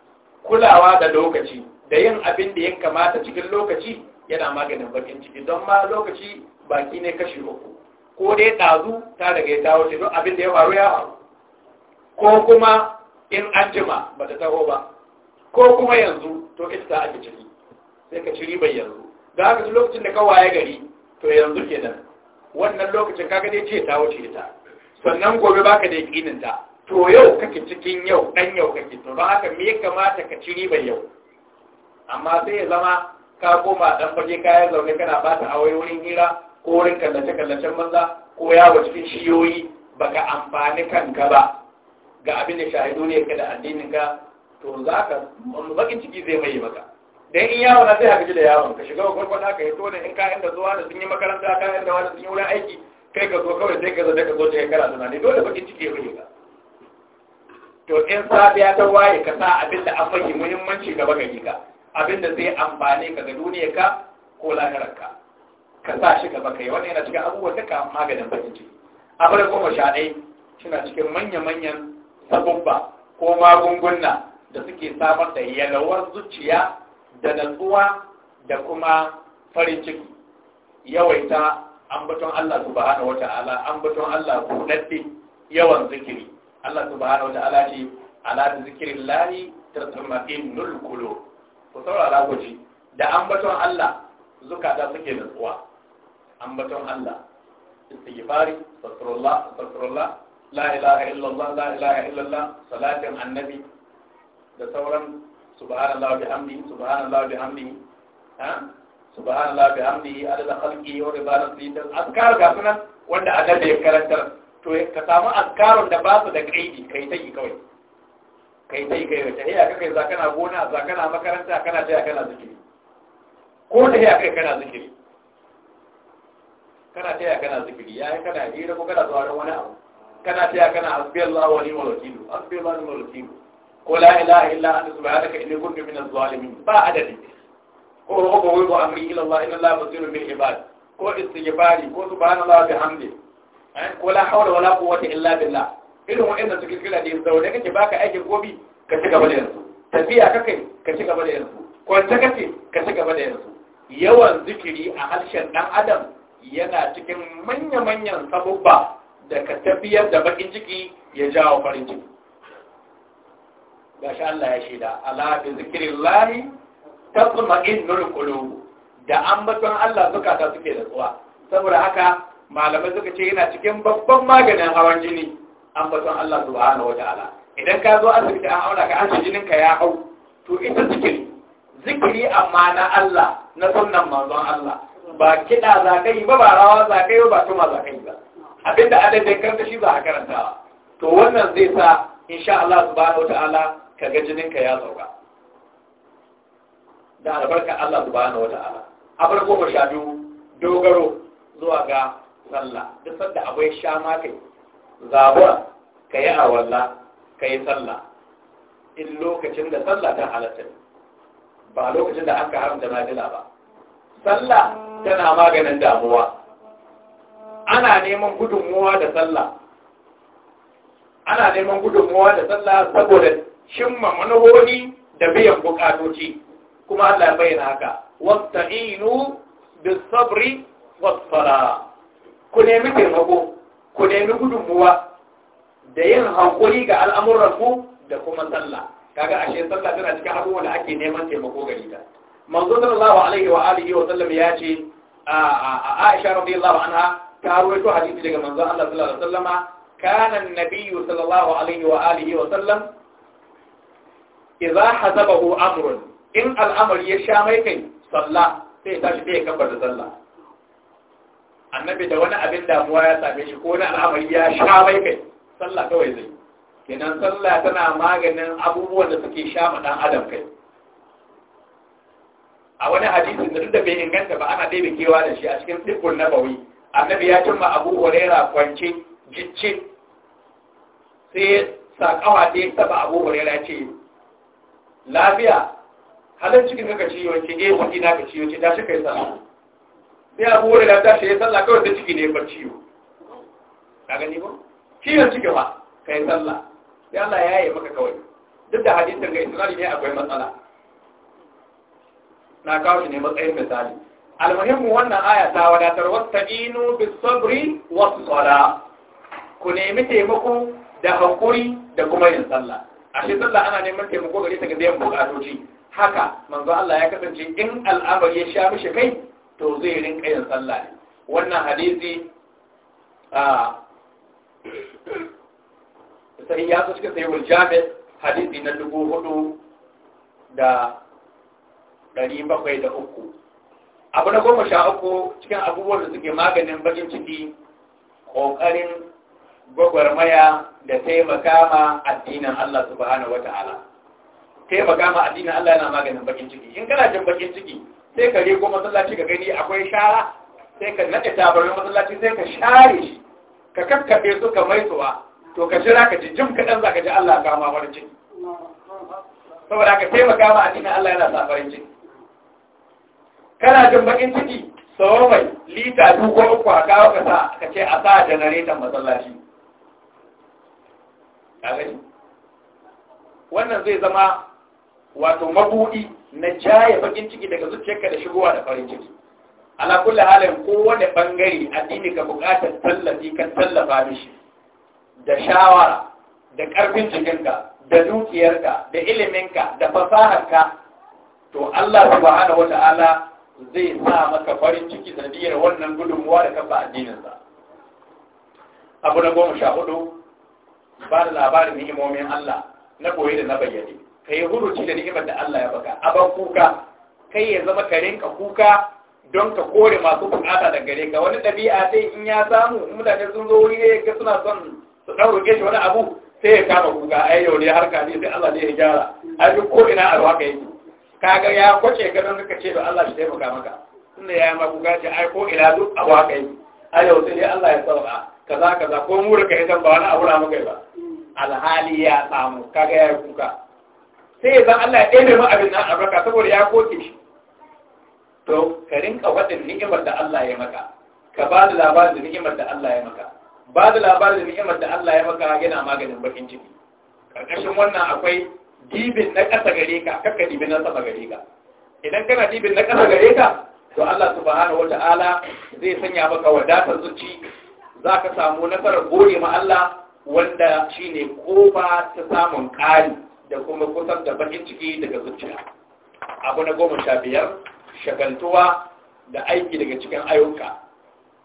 Speaker 1: kulawa da lokaci da yin abin da ya kamata cikin lokaci yana maganin bakin ciki don ma lokaci baki ne kashi uku ko dai ɗazu ta daga ya dawo cikin abin da ya faru ya faru ko kuma in an jima ba ta taho ba ko kuma yanzu to ita ta ake ciki sai ka ciri bai yanzu da haka duk lokacin da ka ya gari to yanzu ke nan wannan lokacin kaga dai ce ta wuce ta sannan gobe baka da yakinin ta to yau kake cikin yau dan yau kake to ba haka me kamata ka ci riba yau amma sai ya zama ka koma dan fage kaya zaune kana ba ta awai wurin hira ko wurin kallace kallacen banza ko yawo cikin shiyoyi baka amfani kanka ba ga abin da shahidu ne ka da addinin ka to za ka ciki zai mai maka da in yawo na zai haƙi da yawon, ka shiga gurgurda ka hito da in ka inda zuwa da sun yi makaranta ka inda wani sun yi wurin aiki kai ka zo kawai sai ka zo daga ka zo da kana tunani dole bakin ciki ya rage ba. to in safiya ta waye ka sa abin da an fage muhimmanci gaba ga gida, abin da zai amfane ka ga duniyar ka ko lahararka, ka ka sa shi gaba kai wannan yana cikin abubuwan duka maganin baki ciki a da goma sha suna cikin manya-manyan sabubba ko magunguna da suke samar da yalawar zuciya da natsuwa da kuma farin ciki yawaita ambaton Allah subhanahu wata'ala ambaton Allah budadde yawan zikiri Allah subhanahu wata'ala ce ala da zikirin lahi tatma'innul qulub ku saurara ku ji da ambaton Allah zukata suke natsuwa ambaton Allah istighfari astaghfirullah astaghfirullah la ilaha illallah la ilaha illallah salatin annabi da sauran subhanallahi bihamdihi subhanallahi bihamdihi ha subhanallahi bihamdihi da azkar wanda karantar to samu da ba su da kaidi ta yi kawai ta kai kana gona za makaranta kana taya kana zikiri ko da hiya kai kana zikiri kana taya kana zikiri ya yi kana hira ko kana wani abu wa ko la ilaha illa anta subhanaka inni kuntu minaz zalimin ba adadi ko rogo wai ba amri ila Allah inna Allah basirun bil ibad ko istighfari ko subhanallah bihamdi eh, ko la hawla wala quwwata illa billah irin wa'anda suke kila da yanzu da kake baka aikin gobi ka ci gaba da yanzu tafiya kake ka ci gaba da yanzu kwanta kake ka ci gaba da yanzu yawan zikiri a harshen dan adam yana cikin manya-manyan sabubba da ka tafiyar da bakin ciki ya jawo farin ciki gashi Allah ya shaida ala bi zikrillahi tatma'innul qulub da ambaton Allah zukata suke da tsuwa saboda haka malamai suka ce yana cikin babban maganin hawan jini ambaton Allah subhanahu ta'ala. idan ka zo asibiti an auna ka an jinin ka ya hau to ita zikiri zikiri amma na Allah na sunnan manzon Allah ba kiɗa za ka yi ba ba rawa za ka yi ba tuma za ka yi ba abinda adadin karta shi za a karantawa to wannan zai sa insha Allah subhanahu ta'ala kaga jininka ya sauka da albarka Allah subhanahu wata'ala a farko ba sha biyu dogaro zuwa ga sallah duk sanda abu ya sha ma kai zabura ka yi awalla ka yi sallah in lokacin da sallah ta halatta ba lokacin da aka haramta majila ba sallah tana maganin damuwa ana neman gudunmuwa da sallah ana neman gudunmuwa da sallah saboda cimma manahori da biyan bukatoci kuma Allah bayyana haka wasta'inu bis sabri was sala ku nemi taimako ku nemi gudunmuwa da yin hankuri ga al'amuran ku da kuma sallah kaga ashe sallah tana cikin abubuwan da ake neman taimako gari ta manzo sallallahu alaihi wa alihi wa sallam ya ce a Aisha radiyallahu anha ta rawaito hadisi daga manzo Allah sallallahu alaihi wa sallama kana an-nabiyyu sallallahu alaihi wa alihi wa sallam iza hazabahu amrun in al'amari ya sha mai kai sallah sai ya tashi bai ya kafa da sallah annabi da wani abin damuwa ya same shi ko na al'amari ya sha mai kai sallah kawai zai kenan sallah tana maganin abubuwan da suke sha ma dan adam kai a wani hadisi da duk da bai inganta ba ana ɗaya kewa da shi a cikin tsibbun na bawi annabi ya cimma abu huraira kwanci jicci sai sa ɗaya ya taba abu huraira ce lafiya halin cikin kaka ciyo ce eh na ka ciyo ce da shi kai sallah sai abu da lafiya shi ya sallah kawai da ciki ne bar ciwo ka gani ba ciwon ciki ba kai sallah sai Allah ya yi maka kawai duk da hadisin ga israeli ne akwai matsala na kawo shi ne matsayin misali almuhimmu wannan aya ta wadatar wata inu bisabri wasu tsada ku nemi taimako da hakuri da kuma yin sallah ashe sallah ana neman taimako gare ta ga biyan bukatoci haka manzo Allah ya kasance in al'amari ya sha mishi kai to zai rinka yin sallah wannan hadisi a sai ya so suka sayi jami hadisi na dubu hudu da ɗari bakwai da uku abu na goma sha uku cikin abubuwan da suke maganin bakin ciki ƙoƙarin gwagwarmaya da taimaka ma addinin Allah subhanahu wata'ala taimaka ma addinin Allah yana maganin bakin ciki in kana jin bakin ciki sai ka riko masallaci ka gani akwai shara sai ka nade tabarin masallaci sai ka share shi ka kakkabe su ka maisuwa to ka jira ka ji jim kaɗan za ka ji Allah kama farin ciki saboda ka taimaka ma addinin Allah yana sa farin ciki kana jin bakin ciki sau mai lita duk ko uku a kawo ka sa ka ce a sa janaretan masallaci ka gani wannan zai zama wato mabuɗi na jaye bakin ciki daga zuciyarka da shigowa da farin ciki ala kulli halin kowane bangare addini ka buƙatar tallafi ka tallafa mishi da shawara da ƙarfin jikinka da dukiyarka da iliminka da fasaharka to Allah subhanahu wata'ala zai sa maka farin ciki sanadiyar wannan gudunmuwa da kafa addininsa abu na goma sha hudu ba da labarin ni'imomin Allah na koyi da na bayyane ka yi huruci da ni'imar da Allah ya baka ban kuka kai ya zama ka rinka kuka don ka kore masu bukata da gare ka wani ɗabi'a sai in ya samu mutane sun zo wuri ne ga suna son su ɗauruke shi wani abu sai ya kama kuka ai yau ne harka ne sai Allah ne ya gyara ai duk ko ina a ka yi? kaga ya kwace ka don ka ce da Allah shi taimaka maka tunda ya yi ma kuka ce ai ko ina duk a ka yi? ai yau sai dai Allah ya sauka kaza kaza ko mura ka hitan ba wani abura maka ba alhali ya samu kaga ya kuka sai ya zan Allah ya ɗebe mai abin nan albarka saboda ya koke shi to ka rinka faɗin ni'imar da Allah ya maka ka ba da labarin da ni'imar da Allah ya maka ba da labarin da ni'imar da Allah ya maka yana maganin bakin ciki karkashin wannan akwai dibin na ƙasa gare ka kakka dibin na sama gare ka idan kana dibin na ƙasa gare ka to Allah subhanahu wata'ala zai sanya maka wadatar zuci za ka samu nasarar gode ma Allah wanda shi ne kofa ta samun ƙari da kuma kusan da bakin ciki daga zuciya abu na goma sha biyar shagaltuwa da aiki daga cikin ayyuka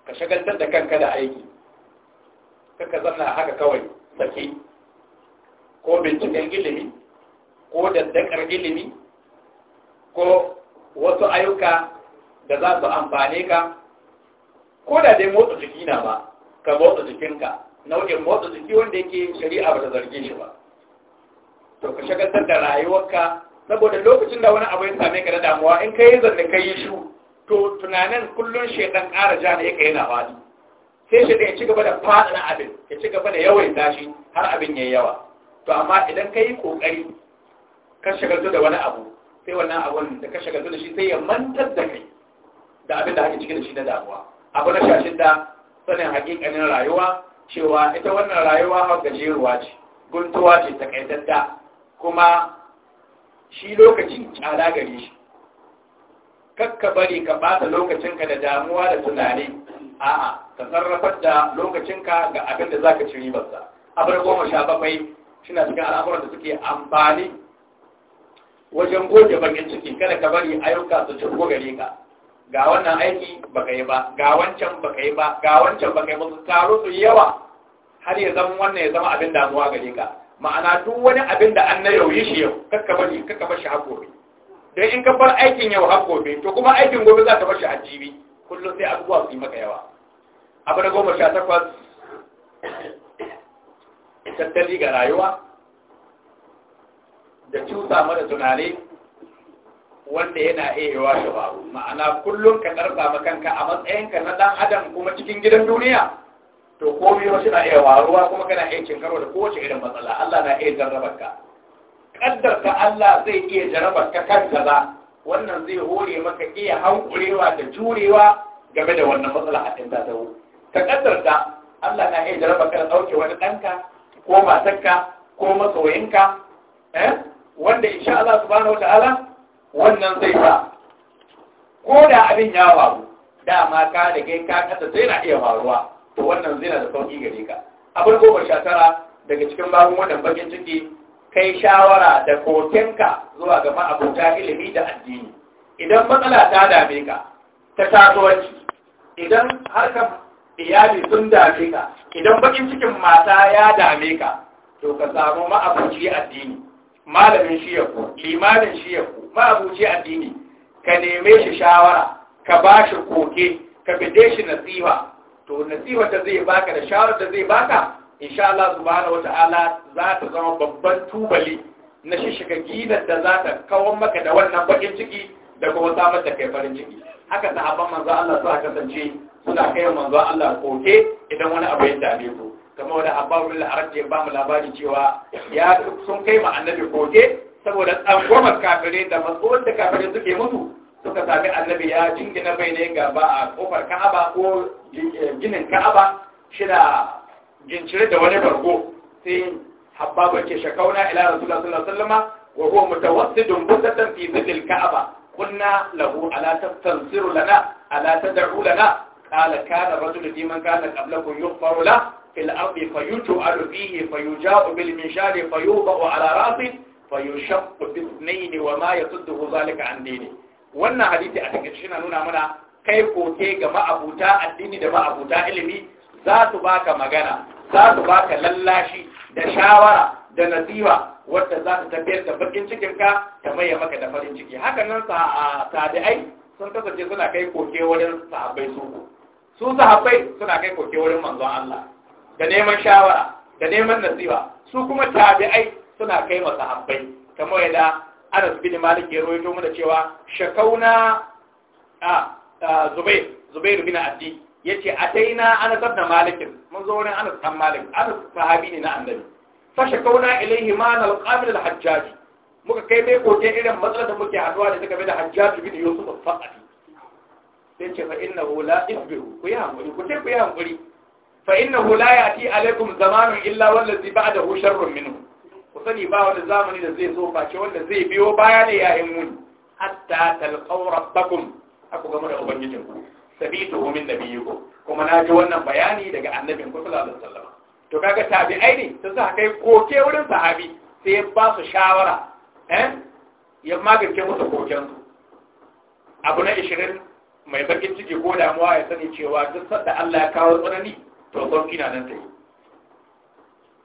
Speaker 1: ka shagaltar da kanka da aiki ka zanna haka kawai sake ko binciken ilimi ko daddakar ilimi ko wasu ayyuka da za su amfane ka ko da dai motsa jiki na ba ka motsa jikinka nau'in motsa jiki wanda yake shari'a ba ta zarge shi ba to ka shagaltar da rayuwarka saboda lokacin da wani abu ya same ka da damuwa in ka yi zanne ka yi shu to tunanin kullum shaidan ƙara ja ne yake yana faɗi sai shaidan ya ci gaba da na abin ya ci gaba da yawaita shi har abin ya yi yawa to amma idan ka yi ƙoƙari ka shagaltar da wani abu sai wannan abun da ka shagaltar da shi sai ya mantar da kai da abin da ake cikin da shi na damuwa abu na shashin da sanin hakikanin rayuwa cewa ita wannan rayuwa har gajeruwa ce guntuwa ce ta takaitadda kuma shi lokaci tsada gare shi kakka bari ka bata lokacinka da damuwa da tunani a'a ka sarrafar da lokacinka ga abin da ka ci ribarsa abar goma sha bakwai suna cikin al'amuran da suke amfani wajen goge bakin ciki kada ka bari ayyuka su ci gare ka ga wannan aiki baka yi ba ga wancan baka yi ba ga wancan baka yi ba su taru su yawa har ya zama wannan ya zama abin damuwa gare ka ma'ana duk wani abin da an na yau yi shi yau kakka bari kakka bar shi har gobe dan in ka bar aikin yau har gobe to kuma aikin gobe za ta bar shi har jibi kullum sai abubuwa su yi maka yawa abu na goma sha takwas tattali ga rayuwa da cusa mana tunani wanda yana iya yawa dabaru ma'ana kullum ka karfa kanka a matsayinka na ɗan adam kuma cikin gidan duniya to ko biyu wasu na iya waruwa kuma kana iya cin karo da kowace irin matsala Allah na iya jarrabar ka ƙaddar ka Allah zai iya jarrabar ka kanka ba. wannan zai hore maka iya hankulewa da jurewa game da wannan matsala a cikin ta ka kaddar ka Allah na iya jarrabar ka da ɗauke wani danka ko matarka ko masoyinka eh wanda insha Allah subhanahu ta'ala wannan zai sa ko da abin ya faru dama ka da kai ka kasa zai na iya faruwa to wannan zai na da sauki gare ka abin goma sha tara daga cikin babin wannan bakin ciki kai shawara da kokenka zuwa ga ma'abuta ilimi da addini idan matsala ta dame ka ta kasuwanci idan harkar iyali sun dame ka idan bakin cikin mata ya dame ka to ka samu ma'abuci addini malamin shi yaku limamin shi yaku mabuci addini ka neme shi shawara ka ba shi koke ka bide shi nasiha to nasiha ta zai baka da shawara da zai baka insha Allah subhanahu wata'ala za ta zama babban tubali na shishika gidan da za ta kawo maka da wannan bakin ciki da kuma samun da kai farin ciki haka sahabban manzo Allah haka kasance suna kai manzo Allah koke idan wani abu ya dame su kamar wani Abba Abdullah ba mu labari cewa ya sun kai ma annabi koke saboda tsangwamar kafire da matsuwar da kafire suke mutu suka sami annabi ya jingina bai ne gaba a kofar ka'aba ko ginin ka'aba shida gincire da wani bargo sai habbabu ke shakauna ila rasulullah sallallahu alaihi wasallam wa huwa mutawassidun busatan fi zillil ka'aba قلنا له ألا تستنصر لنا ألا تدعو لنا قال كان رجل في من كان قبلكم يغفر له في الأرض فيجعل فيه فيجاء بالمنشار فيوضع على رأسه fa wa ma yasudduhu zalika an dini wannan hadisi a cikin shi na nuna mana kai koke ga ma'abuta addini da ma'abuta ilimi za su baka magana za su baka lallashi da shawara da nasiha wanda za ta tafiyar da bakin cikin ka ta maye maka da farin ciki haka nan tabi'ai sun kasance suna kai koke wurin sahabbai su su sahabbai suna kai koke wurin manzon Allah da neman shawara da neman nasiha su kuma tabi'ai suna kai masa habbai kamar yadda Anas bin Malik ya rawaito mana cewa shakauna a Zubair Zubair bin Addi yace ataina Anas bin malikin. mun zo wani Anas bin Malik Anas sahabi ne na Annabi fa shakauna ilayhi ma al-qabil al muka kai mai koke irin matsalar da muke haduwa da take da Hajjaj bin Yusuf al-Faqi sai ce fa innahu la isbiru ku yi hankali, ku ce ku yi hankali. fa innahu la yati alaikum zamanun illa wallazi ba'dahu sharrun minhu ku sani ba wani zamani da zai zo face wanda zai biyo baya ne yayin muni hatta talqaw rabbakum aku game da ubangijinku sabitu min nabiyiku kuma na ji wannan bayani daga annabin ku sallallahu alaihi wasallam to kaga tabi'ai ne ta sa kai koke wurin sahabi sai ba su shawara eh ya magance musu koken su abu na 20 mai bakin ciki ko damuwa ya sani cewa duk sanda Allah ya kawo tsanani to sauki na nan ta yi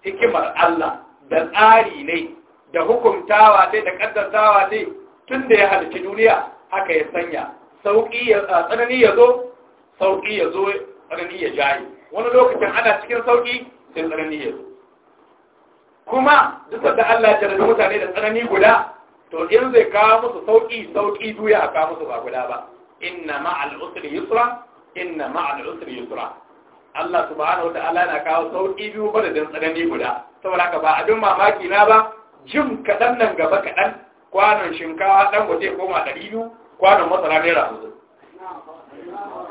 Speaker 1: hikimar Allah da tsari ne da hukuntawa ne da kaddasawa ne tun da ya halici duniya haka ya sanya sauki ya tsanani ya zo sauki ya zo tsanani ya jaye wani lokacin ana cikin sauki sai tsanani ya zo kuma duk da Allah ya jarabi mutane da tsanani guda to in zai kawo musu sauki sauki duya a kawo musu ba guda ba inna ma'al usri yusra inna ma'al usri yusra Allah subhanahu wa ta'ala yana kawo sauki biyu ba da tsanani guda saboda haka ba abin mamaki na ba jim kaɗan nan gaba kaɗan kwanon shinkawa ɗan waje koma ɗari biyu kwanon masara naira hamsin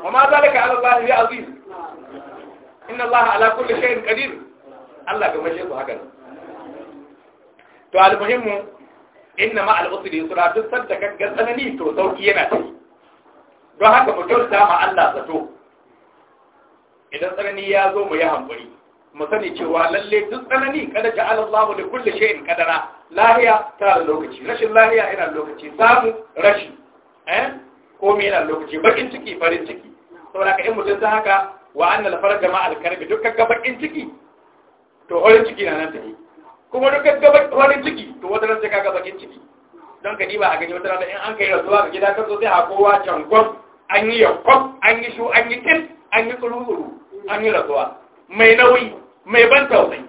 Speaker 1: wa ma zalika ala Allah bi aziz inna Allah ala kulli shay'in qadir Allah ga mashi su haka to almuhimmu inna ma al-usri yusra duk kan ga tsanani to sauki yana tafi don haka mu kyauta ma Allah zato idan tsanani ya zo mu yi hankali. mu sani cewa lalle duk tsanani kada ja'ala Allahu kulle kulli shay'in kadara lahiya ta lokaci rashin lahiya ina lokaci samu rashi eh ko me lokaci bakin ciki farin ciki saboda ka in mutum ta haka wa annal farja ma al karbi duk kaga bakin ciki to horin ciki na nan take kuma duk kaga horin ciki to wata ran sai kaga bakin ciki don ka diba a gani wata rana in an kai rasuwa ga gida ka zo sai hakowa can gwam an yi yakkon an yi shu an yi tin an yi tsuru an yi rasuwa mai nauyi mai ban tausayi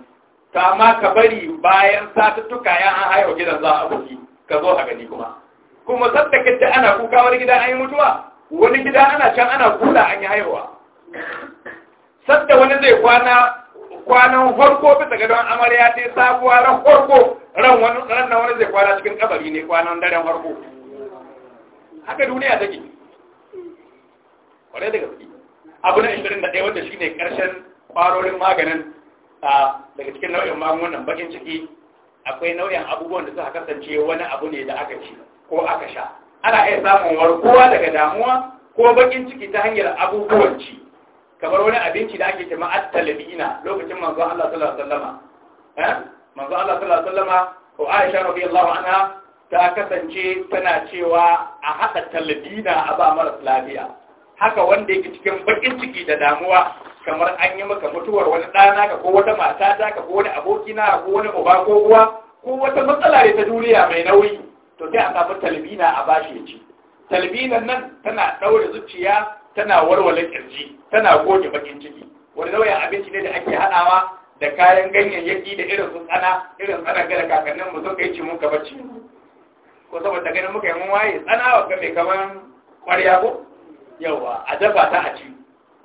Speaker 1: ta ma ka bari bayan satuttuka ya an haihu gidan za a buki ka zo a gani kuma kuma sadda kace ana kuka wani gida an yi mutuwa wani gida ana can ana kula an yi haihuwa sadda wani zai kwana kwanan farko bisa ga don amarya ta sabuwa ran farko ran wani ran wani zai kwana cikin kabari ne kwanan daren farko haka duniya take kwarai da gaske abu na 21 wanda shine karshen kwarorin maganin daga cikin nau'in magungunan bakin ciki akwai nau'in abubuwan da suka kasance wani abu ne da aka ci ko aka sha ana iya samun warkuwa daga damuwa ko bakin ciki ta hanyar abubuwan ci kamar wani abinci da ake cewa at-talbina lokacin manzo Allah sallallahu alaihi eh? manzo Allah sallallahu alaihi wasallama ko Aisha radiyallahu anha ta kasance tana cewa a haka talbina a ba mara lafiya haka wanda yake cikin bakin ciki da damuwa kamar an yi maka mutuwar wani ɗana ka ko wata mata ta ka ko wani aboki na ko wani uba ko uwa ko wata matsala ta duniya mai nauyi to sai a samu talbina a bashi ya ci talbinan nan tana ɗaure zuciya tana warware kirji tana goge bakin ciki wani nauyin abinci ne da ake haɗawa da kayan ganyayyaki da irin sun tsana irin tsana ga kakannin mu sun kai ci mun ka bacci ko saboda ganin muka yi mun waye tsana wa ga kamar kaman ƙwarya ko yawa a dafa ta a ci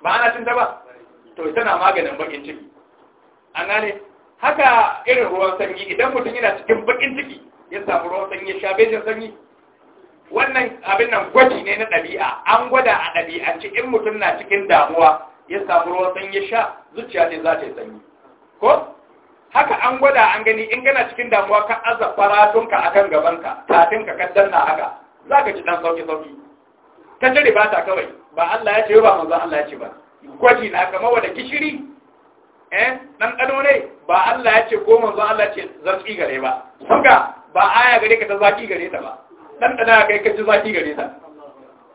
Speaker 1: ba ana cin ta ba to tana maganin bakin ciki an gane haka irin ruwan sanyi idan mutum yana cikin bakin ciki ya samu ruwan sanyi ya sha bejin sanyi wannan abin nan gwaji ne na ɗabi'a an gwada a ɗabi'ance in mutum na cikin damuwa ya samu ruwan sanyi ya sha zuciya ce za ta yi sanyi ko haka an gwada an gani in kana cikin damuwa ka aza faratunka a kan gabanka kafin ka kaddan na haka za ka ci dan sauki-sauki ta jiri ba ta kawai ba Allah ya ce ba manzo Allah ya ce ba gwaji na kama wa da gishiri eh ɗanɗano ne ba Allah ya ce ko manzo Allah ce zarki gare ba sauka ba aya gare ka ta zaki gare ta ba ɗanɗana kai ka ji zaki gare ta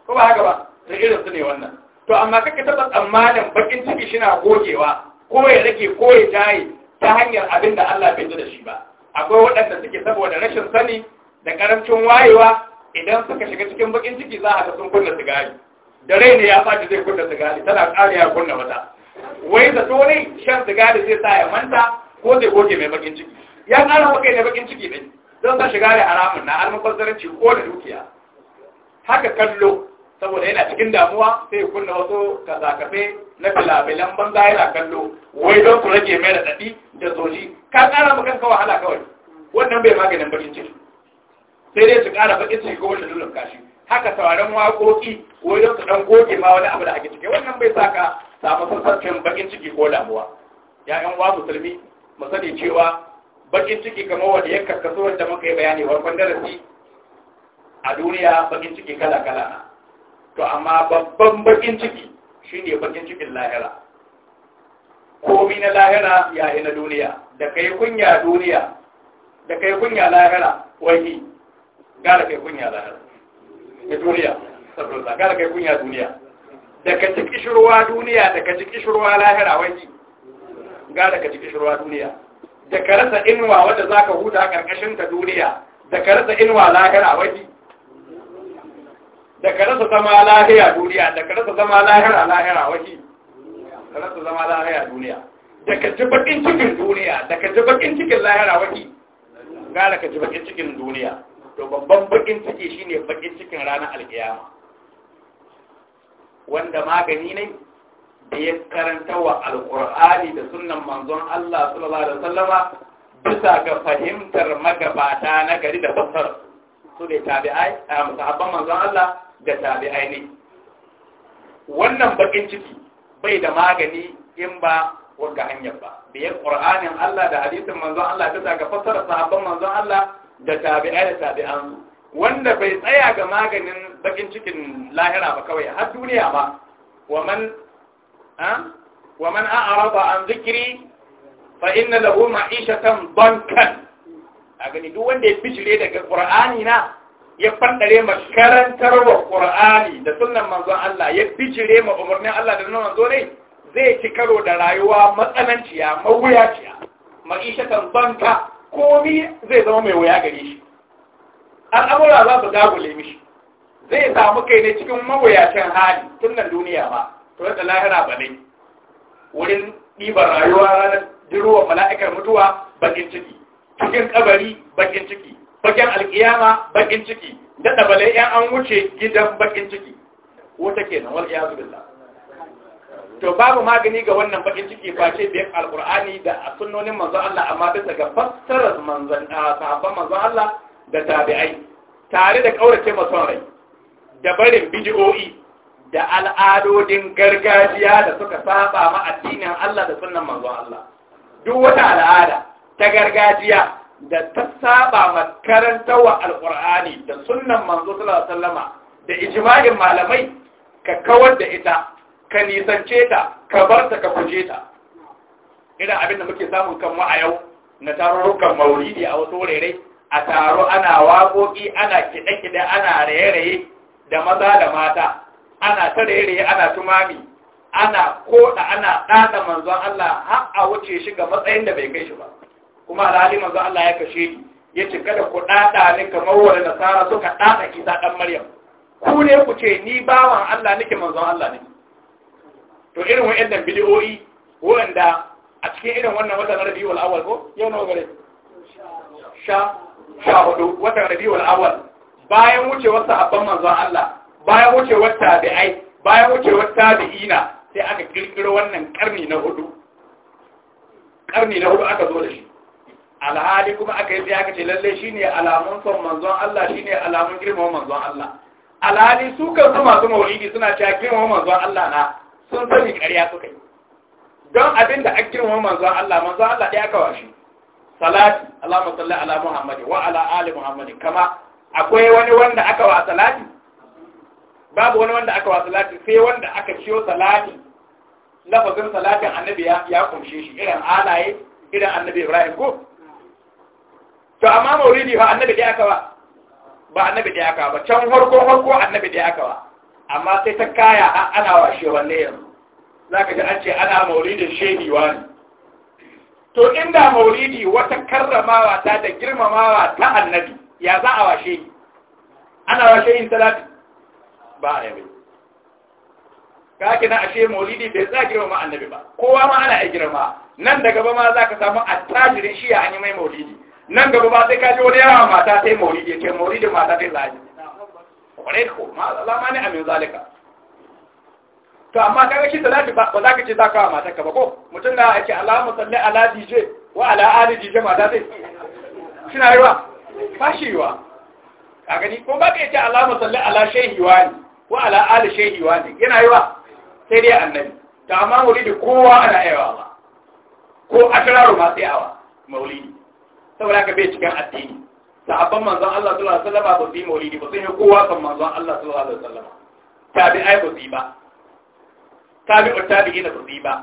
Speaker 1: ko ba haka ba da irin su ne wannan to amma kaka taɓa tsammanin bakin ciki shina gogewa ko ya rage ko ya jaye ta hanyar abin da Allah bai da shi ba akwai waɗanda suke saboda rashin sani da ƙarancin wayewa idan suka shiga cikin bakin ciki za a ga sun kunna sigari da rai ne ya faɗi zai kunna sigari tana ƙari ya kunna mata wai da to shan sigari zai sa ya manta ko zai goge mai bakin ciki ya ƙara bakai da bakin ciki ne don sa shiga da haramun na makwazzaranci ko da dukiya haka kallo saboda yana cikin damuwa sai kunna wasu kazakafe na filafilan banza yana kallo wai don ku rage mai da daɗi da zoji ka ƙara maka kawai wahala kawai wannan bai maganin bakin ciki sai dai su ƙara bakin ciki ko wanda lulun kashi haka sauraron waƙoƙi ko don su ɗan goge ma wani abu da ake cike wannan bai sa ka samu sassancin bakin ciki ko damuwa ya'yan wa musulmi mu sani cewa bakin ciki kamar wanda ya karkaso wanda muka yi bayani farkon darasi a duniya bakin ciki kala kala na to amma babban bakin ciki shine bakin cikin lahira komi na lahira ya yi na duniya da kai kunya duniya da kai kunya lahira wani gara kai kunya lahira ya duniya saboda gara kai kunya duniya daga ci kishirwa duniya daga ci kishirwa lahira wani ga daga ci kishirwa duniya daga rasa inuwa wanda za ka huta karkashin ta duniya daga rasa inuwa lahira wani daga rasa zama lahira duniya daga rasa zama lahira lahira wani daga rasa zama lahira duniya daga ji cikin duniya daga ji cikin lahira wani ga daga ji cikin duniya to babban bakin ciki shine bakin cikin ranar alkiyama wanda magani ne da ya karanta wa alkur'ani da sunnan manzon Allah sallallahu alaihi wasallama bisa ga fahimtar magabata na gari da fassar su da tabi'ai a musahabban manzon Allah da tabi'ai ne wannan bakin ciki bai da magani in ba wanga hanyar ba biyar qur'anin Allah da hadisin manzon Allah bisa ga fassara, sahabban manzon Allah da tabi'ai da tabi'an wanda bai tsaya ga maganin bakin cikin lahira ba kawai har duniya ba man waman a'rada an zikri fa inna lahu ma'ishatan bankan a gani duk wanda ya bijire daga qur'ani na ya fandare ma karantarwa qur'ani da sunnan manzon Allah ya bijire ma umarnin Allah da nan manzo ne zai ci karo da rayuwa matsananciya mawuyaciya ma'ishatan banka komi zai zama mai wuya gare shi al'amura za su dagule mishi zai samu kai ne cikin mawuyacin hali tun nan duniya ba to yadda lahira ba ne wurin ɗiban rayuwa ranar jiruwa mala'ikar mutuwa bakin ciki cikin kabari bakin ciki bakin alkiyama bakin ciki Dada balai 'yan an wuce gidan bakin ciki wata nan wal iyazu billah to babu magani ga wannan bakin ciki face biyan alkur'ani da sunnonin manzon Allah amma bisa ga fassarar manzon ah, sahabban manzon Allah da tabi'ai tare da kaurace mason rai da barin bid'o'i da al'adodin gargajiya da suka saba ma addinin Allah da sunnan manzon Allah duk wata al'ada ta gargajiya da ta saba ma karantawa alkur'ani da sunnan manzo sallallahu alaihi wasallama da ijma'in malamai ka kawar da ita ka nisance ta ka bar ta ka guje ta irin abin da muke samun kan mu a yau na tarurrukan maulidi a wasu wurare a taro ana waƙoƙi ana kiɗe-kiɗe ana raye-raye da maza da mata ana ta raye-raye ana tumami ana koɗa ana ɗaɗa manzon Allah har a wuce shi ga matsayin da bai kai shi ba kuma alhali manzon Allah ya kashe ni ya ce kada ku ɗaɗa ni kamar wani nasara suka ɗaɗa isa ɗan maryam ku ne ku ce ni bawan Allah nake manzon Allah nake to irin wa'annan bidiyoyi wanda a cikin irin wannan watan rabi awwal ko yau nawa gare sha sha hudu watan rabi awwal bayan wucewar sahabban manzon Allah bayan wucewar tabi'ai bayan wucewar tabi'ina sai aka kirkiro wannan karni na hudu karni na hudu aka zo da shi alhali kuma aka yi aka ce lalle shine alamun son manzon Allah shine alamun girmama manzon Allah alhali su kan su masu maulidi suna cewa girmama manzon Allah na sun sani ƙarya suka yi don abin da ake girma manzon Allah manzon Allah ɗaya aka washe. salati Allahumma salli ala muhammadin wa ala ali muhammadin kama akwai wani wanda aka wa salati babu wani wanda aka wa salati sai wanda aka ciyo salati lafazin salatin annabi ya kunshe shi irin alaye irin annabi Ibrahim ko to amma mauridi fa annabi ɗaya aka wa ba annabi ɗaya aka ba can harko harko annabi ɗaya aka wa amma sai ta kaya ana wa shewanne yanzu za ka ji an ce ana maulidin shehi ne. to inda maulidi wata karramawa ta da girmamawa ta annabi ya za a washe yi ana washe yin talatin ba a yabe ka ake na ashe maulidi bai za girmama annabi ba kowa ma ana yi girma nan da gaba ma za ka samu attajirin shi a an yi mai maulidi nan gaba ba sai ka ji wani yawa mata ta yi maulidi ya ce maulidin mata ta yi zaji kwarai ko ma lama ne amin zalika to amma kaga shi salati ba za ka ce za ka wa matarka ba ko mutum na ake alama salli ala dj wa ala ali dj mata zai suna yiwa ba shi yiwa a gani ko ba ka yace alama salli ala shehi ne ko ala ali shehi ne yana yi wa sai dai annabi to amma maulidi kowa ana yawa ba ko atraru ma tsayawa maulidi saboda ka bai cikin addini sahabban manzon Allah sallallahu alaihi wasallam ba su yi maulidi ba sun yi kowa san manzon Allah sallallahu alaihi wasallam tabi'ai ba su yi ba tabi'u tabi'in ba su yi ba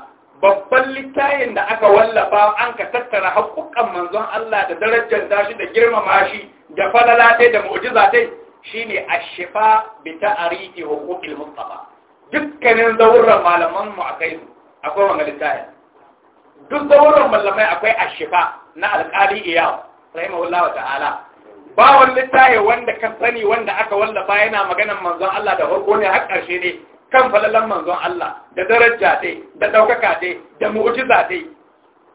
Speaker 1: babban littayin da aka wallafa an ka tattara haƙuƙan manzon Allah da darajar shi, da girmama shi da falala da mu'jiza dai, shine ash-shifa bi ta'rifi huquqil mustafa dukkanin zawurran malaman mu akai akwai wannan littayin duk zawurran malamai akwai ash-shifa na alƙali iyaw rahimahullahu ta'ala ba wani littafi wanda ka sani wanda aka wallafa yana maganan manzon Allah da farko ne har ƙarshe ne kan falalan manzon Allah da daraja dai da ɗaukaka dai da mu'jiza dai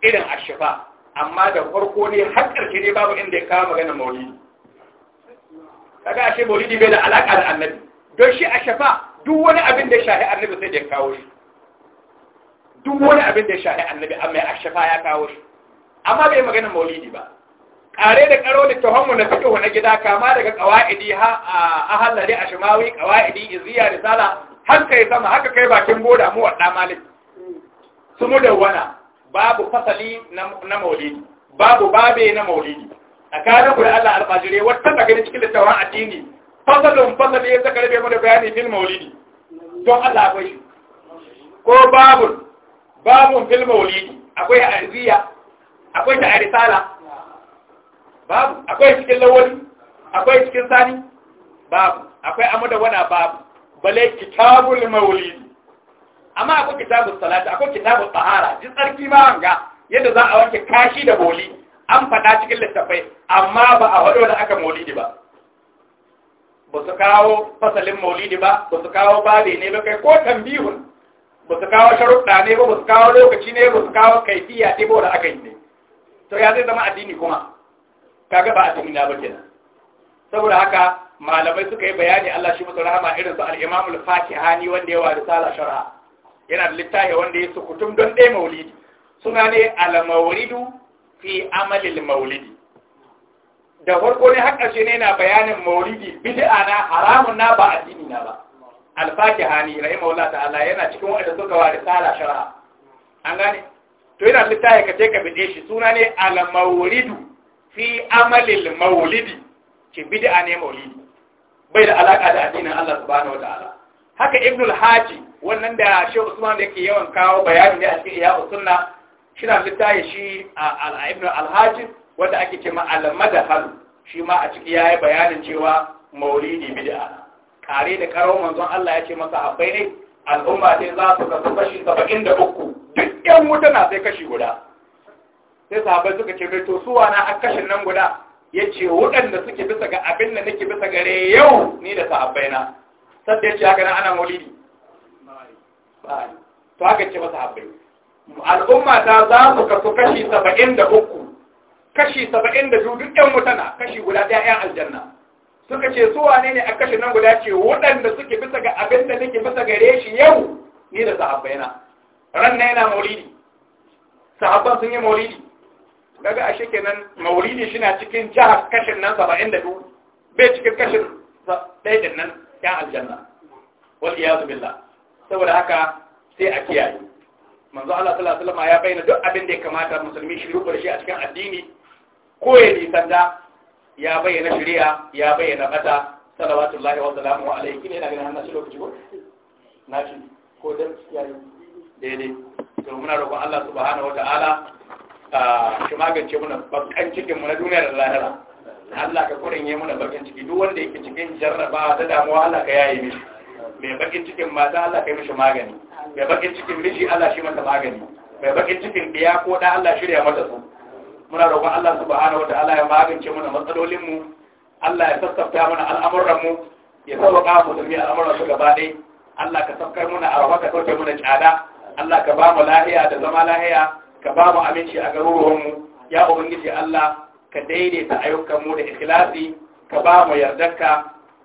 Speaker 1: irin ashifa amma da farko ne har ƙarshe ne babu inda ya kawo maganan maulidi kaga ashe maulidi bai da alaƙa da annabi don shi ashifa duk wani abin da ya shahi annabi sai da ya kawo shi duk wani abin da ya shahi annabi amma ashifa ya kawo shi amma bai maganan maulidi ba kare da karo da tuhonmu na fito wani gida kama daga qawaidi ha ahallari ashmawi qawaidi iziya risala har kai sama haka kai bakin boda mu wadda malik su mu wana babu fasali na maulidi babu babe na maulidi tsakanin ku da Allah alfajire wata magana cikin littafin addini fasalun fasali ya zaka rabe mu da bayani fil maulidi don Allah akwai shi ko babu babu fil maulidi akwai arziya akwai ta arisala babu akwai cikin lawali akwai cikin sani babu akwai amada wana babu bale kitabul maulid amma akwai kitabul salat akwai kitabul tahara ji tsarki ma wanga yadda za a wanke kashi da boli an faɗa cikin littafai amma ba a wado da aka maulidi ba ba su kawo fasalin maulidi ba ba su kawo babe ne ba kai ko tambihun ba su kawo sharuɗa ne ba ba su kawo lokaci ne ba su kawo kaifiya ne ba da aka yi ne to ya zai zama addini kuma kaga ba azumina ba kenan saboda haka malamai suka yi bayani Allah shi musu rahama irin su al-Imam al-Fakihani wanda ya wa risala shar'a yana da littafi wanda ya sukutum don dai maulidi suna ne al-mawridu fi amali al-maulidi da farko ne har shi ne na bayanin maulidi bid'a na haramun na ba addini na ba al-Fakihani rahimahullah ta'ala yana cikin wanda suka wa risala shar'a an gane to yana littafi ka je ka bide shi suna ne al-mawridu fi amalil maulidi ke bid'a ne maulidi bai da alaka da addinin Allah subhanahu wataala haka IbnulHaji, haji wannan da Sheikh Usman yake yawan kawo bayani ne a cikin ya sunna shina littafi shi al ibnu al-haji wanda ake cewa al madhhab shi ma a ciki yayi bayanin cewa maulidi bid'a kare da karo manzon Allah ya ce masa abai ne al'umma sai za su kasu kashi 73 duk yan wuta na sai kashi guda sai sahabai suka ce mai to suwa na an kashin nan guda ya ce waɗanda suke bisa ga abin da nake bisa gare yau ni da sahabbai na sadda ya ce haka nan ana maulidi to haka ce masa habbai al'umma ta za su kasu kashi saba'in da uku kashi saba'in da biyu duk ɗan mutana kashi guda ɗaya ɗan aljanna suka ce su wane ne a kashin nan guda ce waɗanda suke bisa ga abin da nake bisa gare shi yau ni da sahabbai na ran na yana maulidi sahabban sun yi maulidi kaga ashe kenan maulidi shi na cikin jihar kashin nan saba'in da bai cikin kashin ɗaya da nan yan aljanna wal iyazu billah saboda haka sai a kiyaye manzo Allah sallallahu alaihi wasallam ya bayyana duk abin da ya kamata musulmi shi rubar shi a cikin addini ko ya nisanta ya bayyana shari'a ya bayyana bata salawatullahi wa salamu alaihi ne ina ganin hannun lokaci ko na shi ko dan kiyaye daidai to muna roƙon Allah subhanahu wa ta'ala ki magance muna bakan cikin mu na duniya da lahira Allah ka kurin yi muna bakin ciki duk wanda yake cikin jarraba da damuwa Allah ka yaye mishi mai bakin cikin mata Allah ka yi mishi magani mai bakin cikin miji Allah shi masa magani mai bakin cikin biya ko da Allah shirya masa su muna roƙon Allah subhanahu ta'ala ya magance muna matsalolin mu Allah ya sassafta muna al'amuran mu ya sauƙa mu da al'amuran su gaba ɗaya Allah ka saukar muna a rahaka kauce muna tsada Allah ka ba mu lahiya da zama lahiya ka ba mu aminci a garuruwanmu ya ubangiji Allah ka daidaita ayyukanmu da ikhlasi ka ba mu yardarka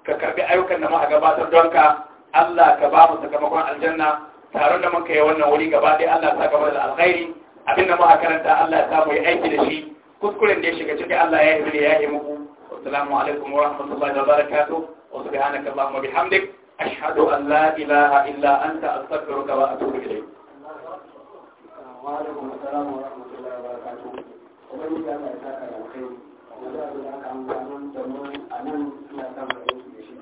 Speaker 1: ka karbi ayyukan da muka gabatar don ka Allah ka ba mu sakamakon aljanna taron da muka yi wannan wuri gaba ɗaya Allah ta gaba da alkhairi abin da muka karanta Allah ya mu yi aiki da shi kuskuren da ya shiga ciki Allah ya yi ya yi muku assalamu alaikum wa rahmatullahi wa barakatuh wa subhanaka allahumma bihamdik ashhadu an la ilaha illa anta astaghfiruka wa atubu ilayk وعليكم السلام ورحمة الله وبركاته ومن يجعل ذاك الخير وجاء ذاك أمام تمام أمام لا تمام يشي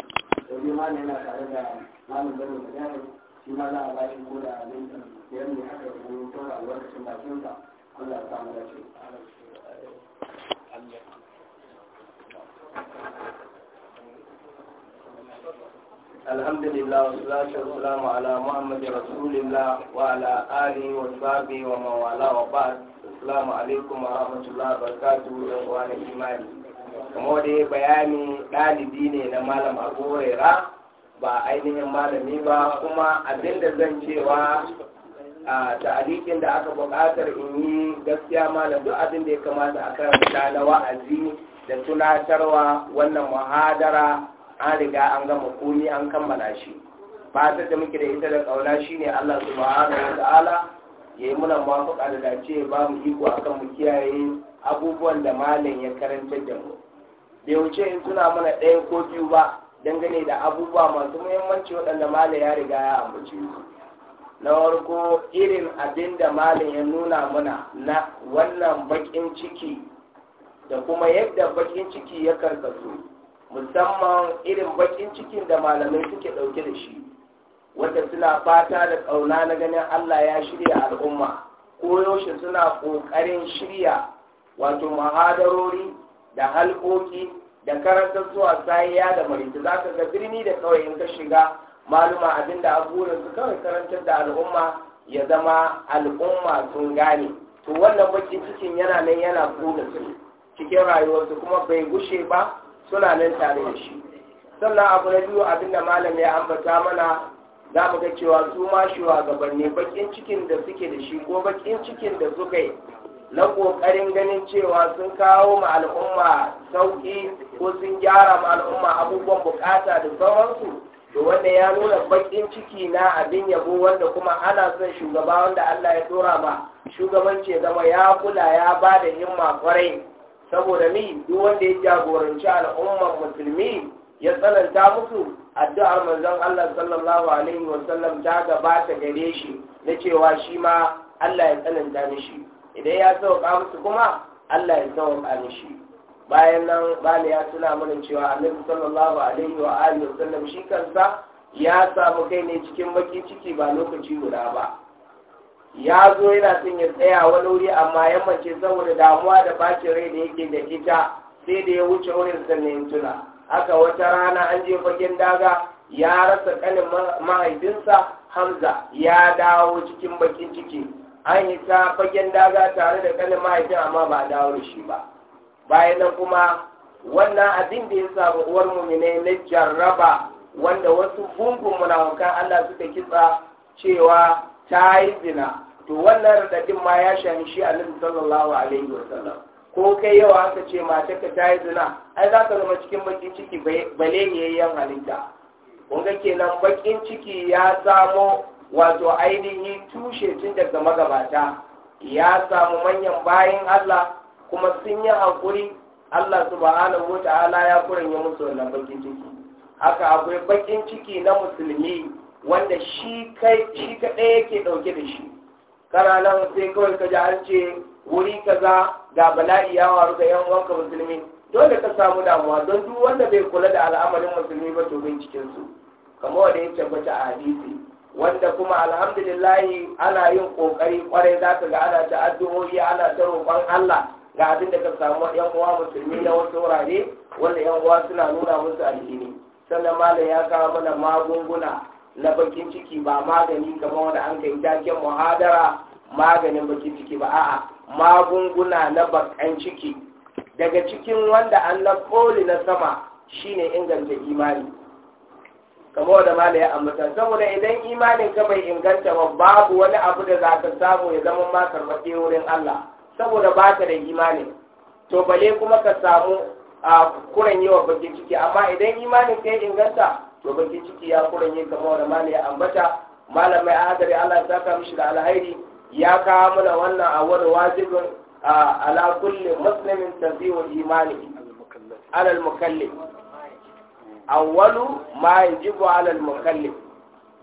Speaker 1: domin malam yana tare da malam bello da yaro shi ma za a ba shi ko da abin da ne haka da kuma tura albarkacin الحمد لله والصلاة والسلام على محمد رسول الله وعلى آله وصحبه ومن والاه وبعد السلام عليكم ورحمة الله وبركاته إخوان الإيمان kuma dai bayani ɗalibi ne na malam abu huraira ba ainihin malami ba kuma abinda zan cewa a ta'alikin da aka buƙatar in yi gaskiya malam duk abin da ya kamata a karanta na wa'azi da tunatarwa wannan muhadara an riga an gama komi an kammala shi Ba ta da muke da ita da kauna shine Allah subhanahu wa ta'ala ya yi muna mafaka da dace ba mu iko akan mu kiyaye abubuwan da malam ya karantar da mu bai wuce in suna mana ɗaya ko biyu ba dangane da abubuwa masu muhimmanci waɗanda malam ya riga ya ambace su na farko irin abin da malam ya nuna mana na wannan baƙin ciki da kuma yadda baƙin ciki ya karkasu musamman irin bakin cikin da malamai suke ɗauke da shi wanda suna fata da ƙauna na ganin Allah ya shirya al'umma ko yaushe suna ƙoƙarin shirya wato mahadarori da halƙoƙi da karantar zuwa sahiya da marita za ka ga birni da kawai in ka shiga maluma abin da abubuwan su kawai karantar da al'umma ya zama al'umma sun gane to wannan bakin cikin yana nan yana kuna su cikin rayuwarsu kuma bai gushe ba suna nan tare da shi sannan abu na biyu abinda malam ya ambata mana za mu ga cewa su ma shugabanni bakin cikin da suke da shi ko bakin cikin da suka yi na ƙoƙarin ganin cewa sun kawo ma al'umma sauƙi ko sun gyara ma al'umma abubuwan bukata da sauransu to wanda ya nuna bakin ciki na abin yabo wanda kuma ana son shugaba wanda Allah ya dora ma shugabanci zama ya kula ya ba da himma kwarai saboda ni duk wanda ya jagoranci al'ummar musulmi ya tsananta musu addu'ar manzon Allah sallallahu alaihi wa sallam ta gabata gare shi na cewa shi ma Allah ya tsananta mishi idan ya sauka musu kuma Allah ya sauka mishi bayan nan bani ya tuna mana cewa annabi sallallahu alaihi wa alihi wa sallam shi kansa ya samu kai ne cikin baki ciki ba lokaci guda ba ya zo yana son ya tsaya wani wuri amma ya mace saboda damuwa da bakin rai da yake da ita sai da ya wuce wurin sannan tuna haka wata rana an je fagen daga ya rasa kanin mahaifinsa hamza ya dawo cikin bakin ciki an yi ta fagen daga tare da kanin mahaifin amma ba a dawo da shi ba bayan nan kuma wannan abin da ya samu uwar mumine na jarraba wanda wasu gungun munafukan Allah suka kitsa cewa ta yi zina to wannan radadin ma ya shani shi nufin sallallahu alaihi sallam ko kai yau aka ce mata ka ta yi zina ai za ka zama cikin bakin ciki bale ne ya yan halitta kun ga kenan bakin ciki ya samo wato ainihi tushe tun daga magabata ya samu manyan bayan Allah kuma sun yi hankuri Allah subhanahu wa ta'ala ya kuranye musu wannan bakin ciki haka akwai bakin ciki na musulmi wanda shi kai shi kadai yake dauke da shi kana nan sai kawai ka ji an ce wuri kaza ga bala'i ya waru ga yan uwanka musulmi dole ka samu damuwa don duk wanda bai kula da al'amarin musulmi ba to cikin su kamar wanda ya tabbata a hadisi wanda kuma alhamdulillah ana yin kokari kwarai za ka ga ana ta addu'o'i ana ta roƙon Allah ga abin da ka samu yan uwa musulmi na wasu wurare wanda yan uwa suna nuna musu alhini sannan malam ya kawo mana magunguna na bakin ciki ba magani kamar wanda an kai taken muhadara maganin bakin ciki ba a'a magunguna na bakan ciki daga cikin wanda an na koli na sama shine inganta imani kamar da mala ya ambata saboda idan imanin ka bai inganta ba babu wani abu da za ka samu ya zama ma karɓaɓɓe wurin Allah saboda ba ka da imani to bale kuma ka samu a kuran yawa bakin ciki amma idan imanin ka ya inganta to ciki ya kuran yin kamar wani mali ya ambata malam mai ahadari Allah ya saka mishi da alhairi ya kawo mana wannan a wani wajibin ala kulli muslimin tazihu imani ala al-mukallif awwalu ma yajibu ala al-mukallif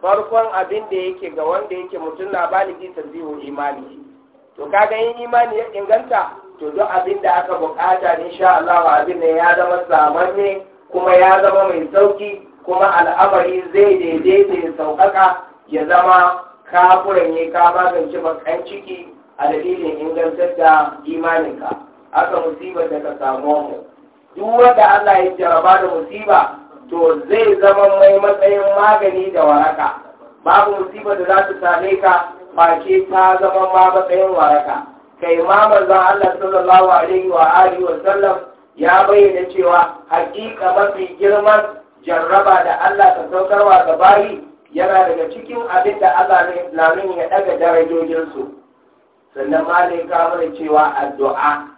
Speaker 1: farkon abin da yake ga wanda yake mutum na baligi tazihu imani to kaga yin imani ya inganta to duk abin da aka bukata insha Allah abin ne ya zama samanne kuma ya zama mai sauki kuma al'amari zai daidaita ya sauƙaƙa ya zama kafuran furanye ka magance bakan ciki a dalilin ingantar da imaninka aka musibar da ka mu duk wanda Allah ya jaraba da musiba to zai zama mai matsayin magani da waraka babu musibar da za ta same ka face ta zama ma matsayin waraka kai ma manzon Allah sallallahu alaihi wa alihi wa sallam ya bayyana cewa hakika mafi girman jarraba da Allah ta saukarwa ga bayi yana daga cikin abin da Allah ne lamin ya daga darajojinsu sannan ma ne kamar cewa addu'a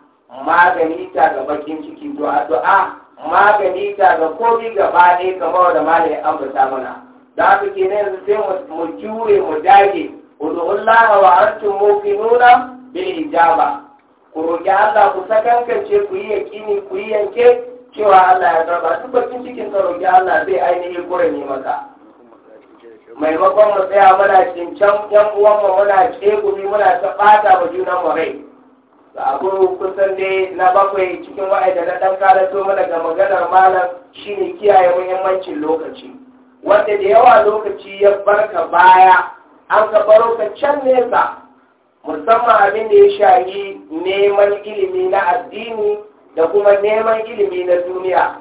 Speaker 1: magani ta ga bakin ciki to addu'a magani ta ga komi gaba ne kamar da ma ne ambata mana da haka kenan sai mu jure mu dage udullaha wa antum muqinuna bil ijaba ku roki Allah ku sakankance ku yi yaqini ku yi yanke cewa Allah ya zaba duk bakin cikin ka roƙi Allah zai ainihin ne maka maimakon mu tsaya muna cincan yan uwanmu, mu muna tsegumi muna ta bata wa junan mu rai abu kusan dai na bakwai cikin wa'ida na dan karato mana ga maganar malam shine kiyaye muhimmancin lokaci wanda da yawa lokaci ya barka baya an ka baro ka can nesa musamman abin da ya shayi neman ilimi na addini da kuma neman ilimi na duniya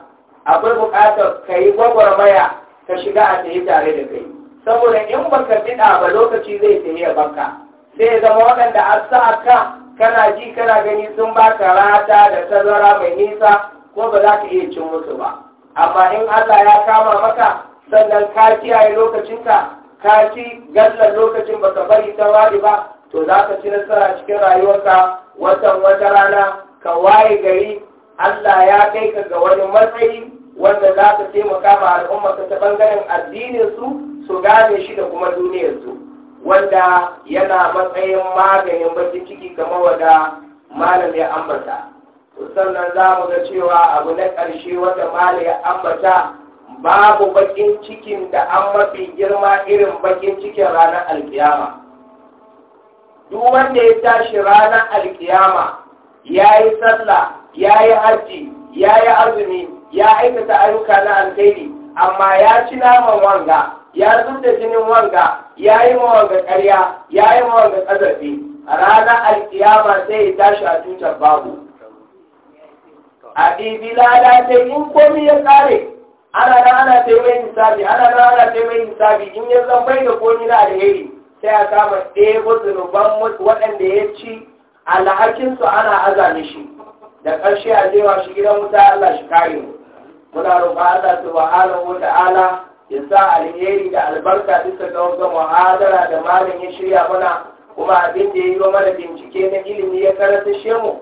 Speaker 1: akwai buƙatar ka yi gwagwarmaya ka shiga a tsaye tare da kai saboda in baka fiɗa ba lokaci zai tsaye a baka sai ya zama waɗanda a sa ka kana ji kana gani sun ba baka rata da tazara mai nisa ko ba za ka iya cin musu ba amma in Allah ya kama maka sannan ka kiyaye lokacinka ka ci gallan lokacin baka bari ta wari ba to za ka ci nasara cikin rayuwarka watan wata rana ka waye gari Allah ya kai ka ga wani matsayi wanda za ka taimaka ma al'umma ta bangaren addinin su su gane shi da kuma duniyar su wanda yana matsayin maganin baki ciki kamar wanda malam ya ambata sannan za mu ga cewa abu na ƙarshe wanda malam ya ambata babu bakin cikin da an mafi girma irin bakin cikin ranar alkiyama duk wanda ya tashi ranar alkiyama ya yi sallah ya yi harci ya yi azumi ya aikata ayyuka na alkhairi amma ya ci naman wanga ya zuta jinin wanga ya yi mawanga karya ya yi mawanga ƙazafi ranar alkiyama sai ya tashi a tutar babu a ɗibi lada ta in komi ya tsare ana nan ana ta yi hisabi ana nan ana ta yi hisabi in ya zan bai da komi na alheri sai a kama ɗaya zunuban waɗanda ya ci alhakinsu ana azami shi da ƙarshe a jewa shi gidan wuta Allah shi kare mu muna roƙa Allah subhanahu wa ta'ala ya sa alheri da albarka bisa ga wata muhadara da malam ya shirya mana kuma abin da ya yi mana bincike na ilimi ya karanta shi Allah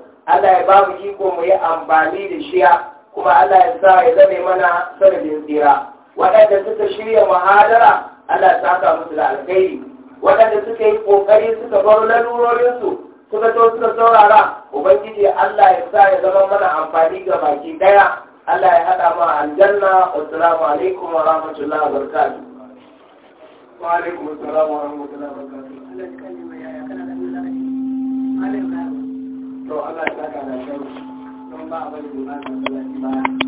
Speaker 1: ya babu mu iko mu yi amfani da shiya kuma Allah ya sa ya zame mana sanadin tsira waɗanda suka shirya muhadara Allah ya saka musu da alkhairi waɗanda suka yi ƙoƙari suka bar lalurorinsu suka to suka saurara ubangiji Allah ya sa ya zama mana amfani ga baki daya Allah ya hada mu aljanna assalamu alaikum wa rahmatullahi wa barakatuh wa alaikum wa rahmatullahi wa barakatuh to Allah ya saka da kai don ba abin da ba ta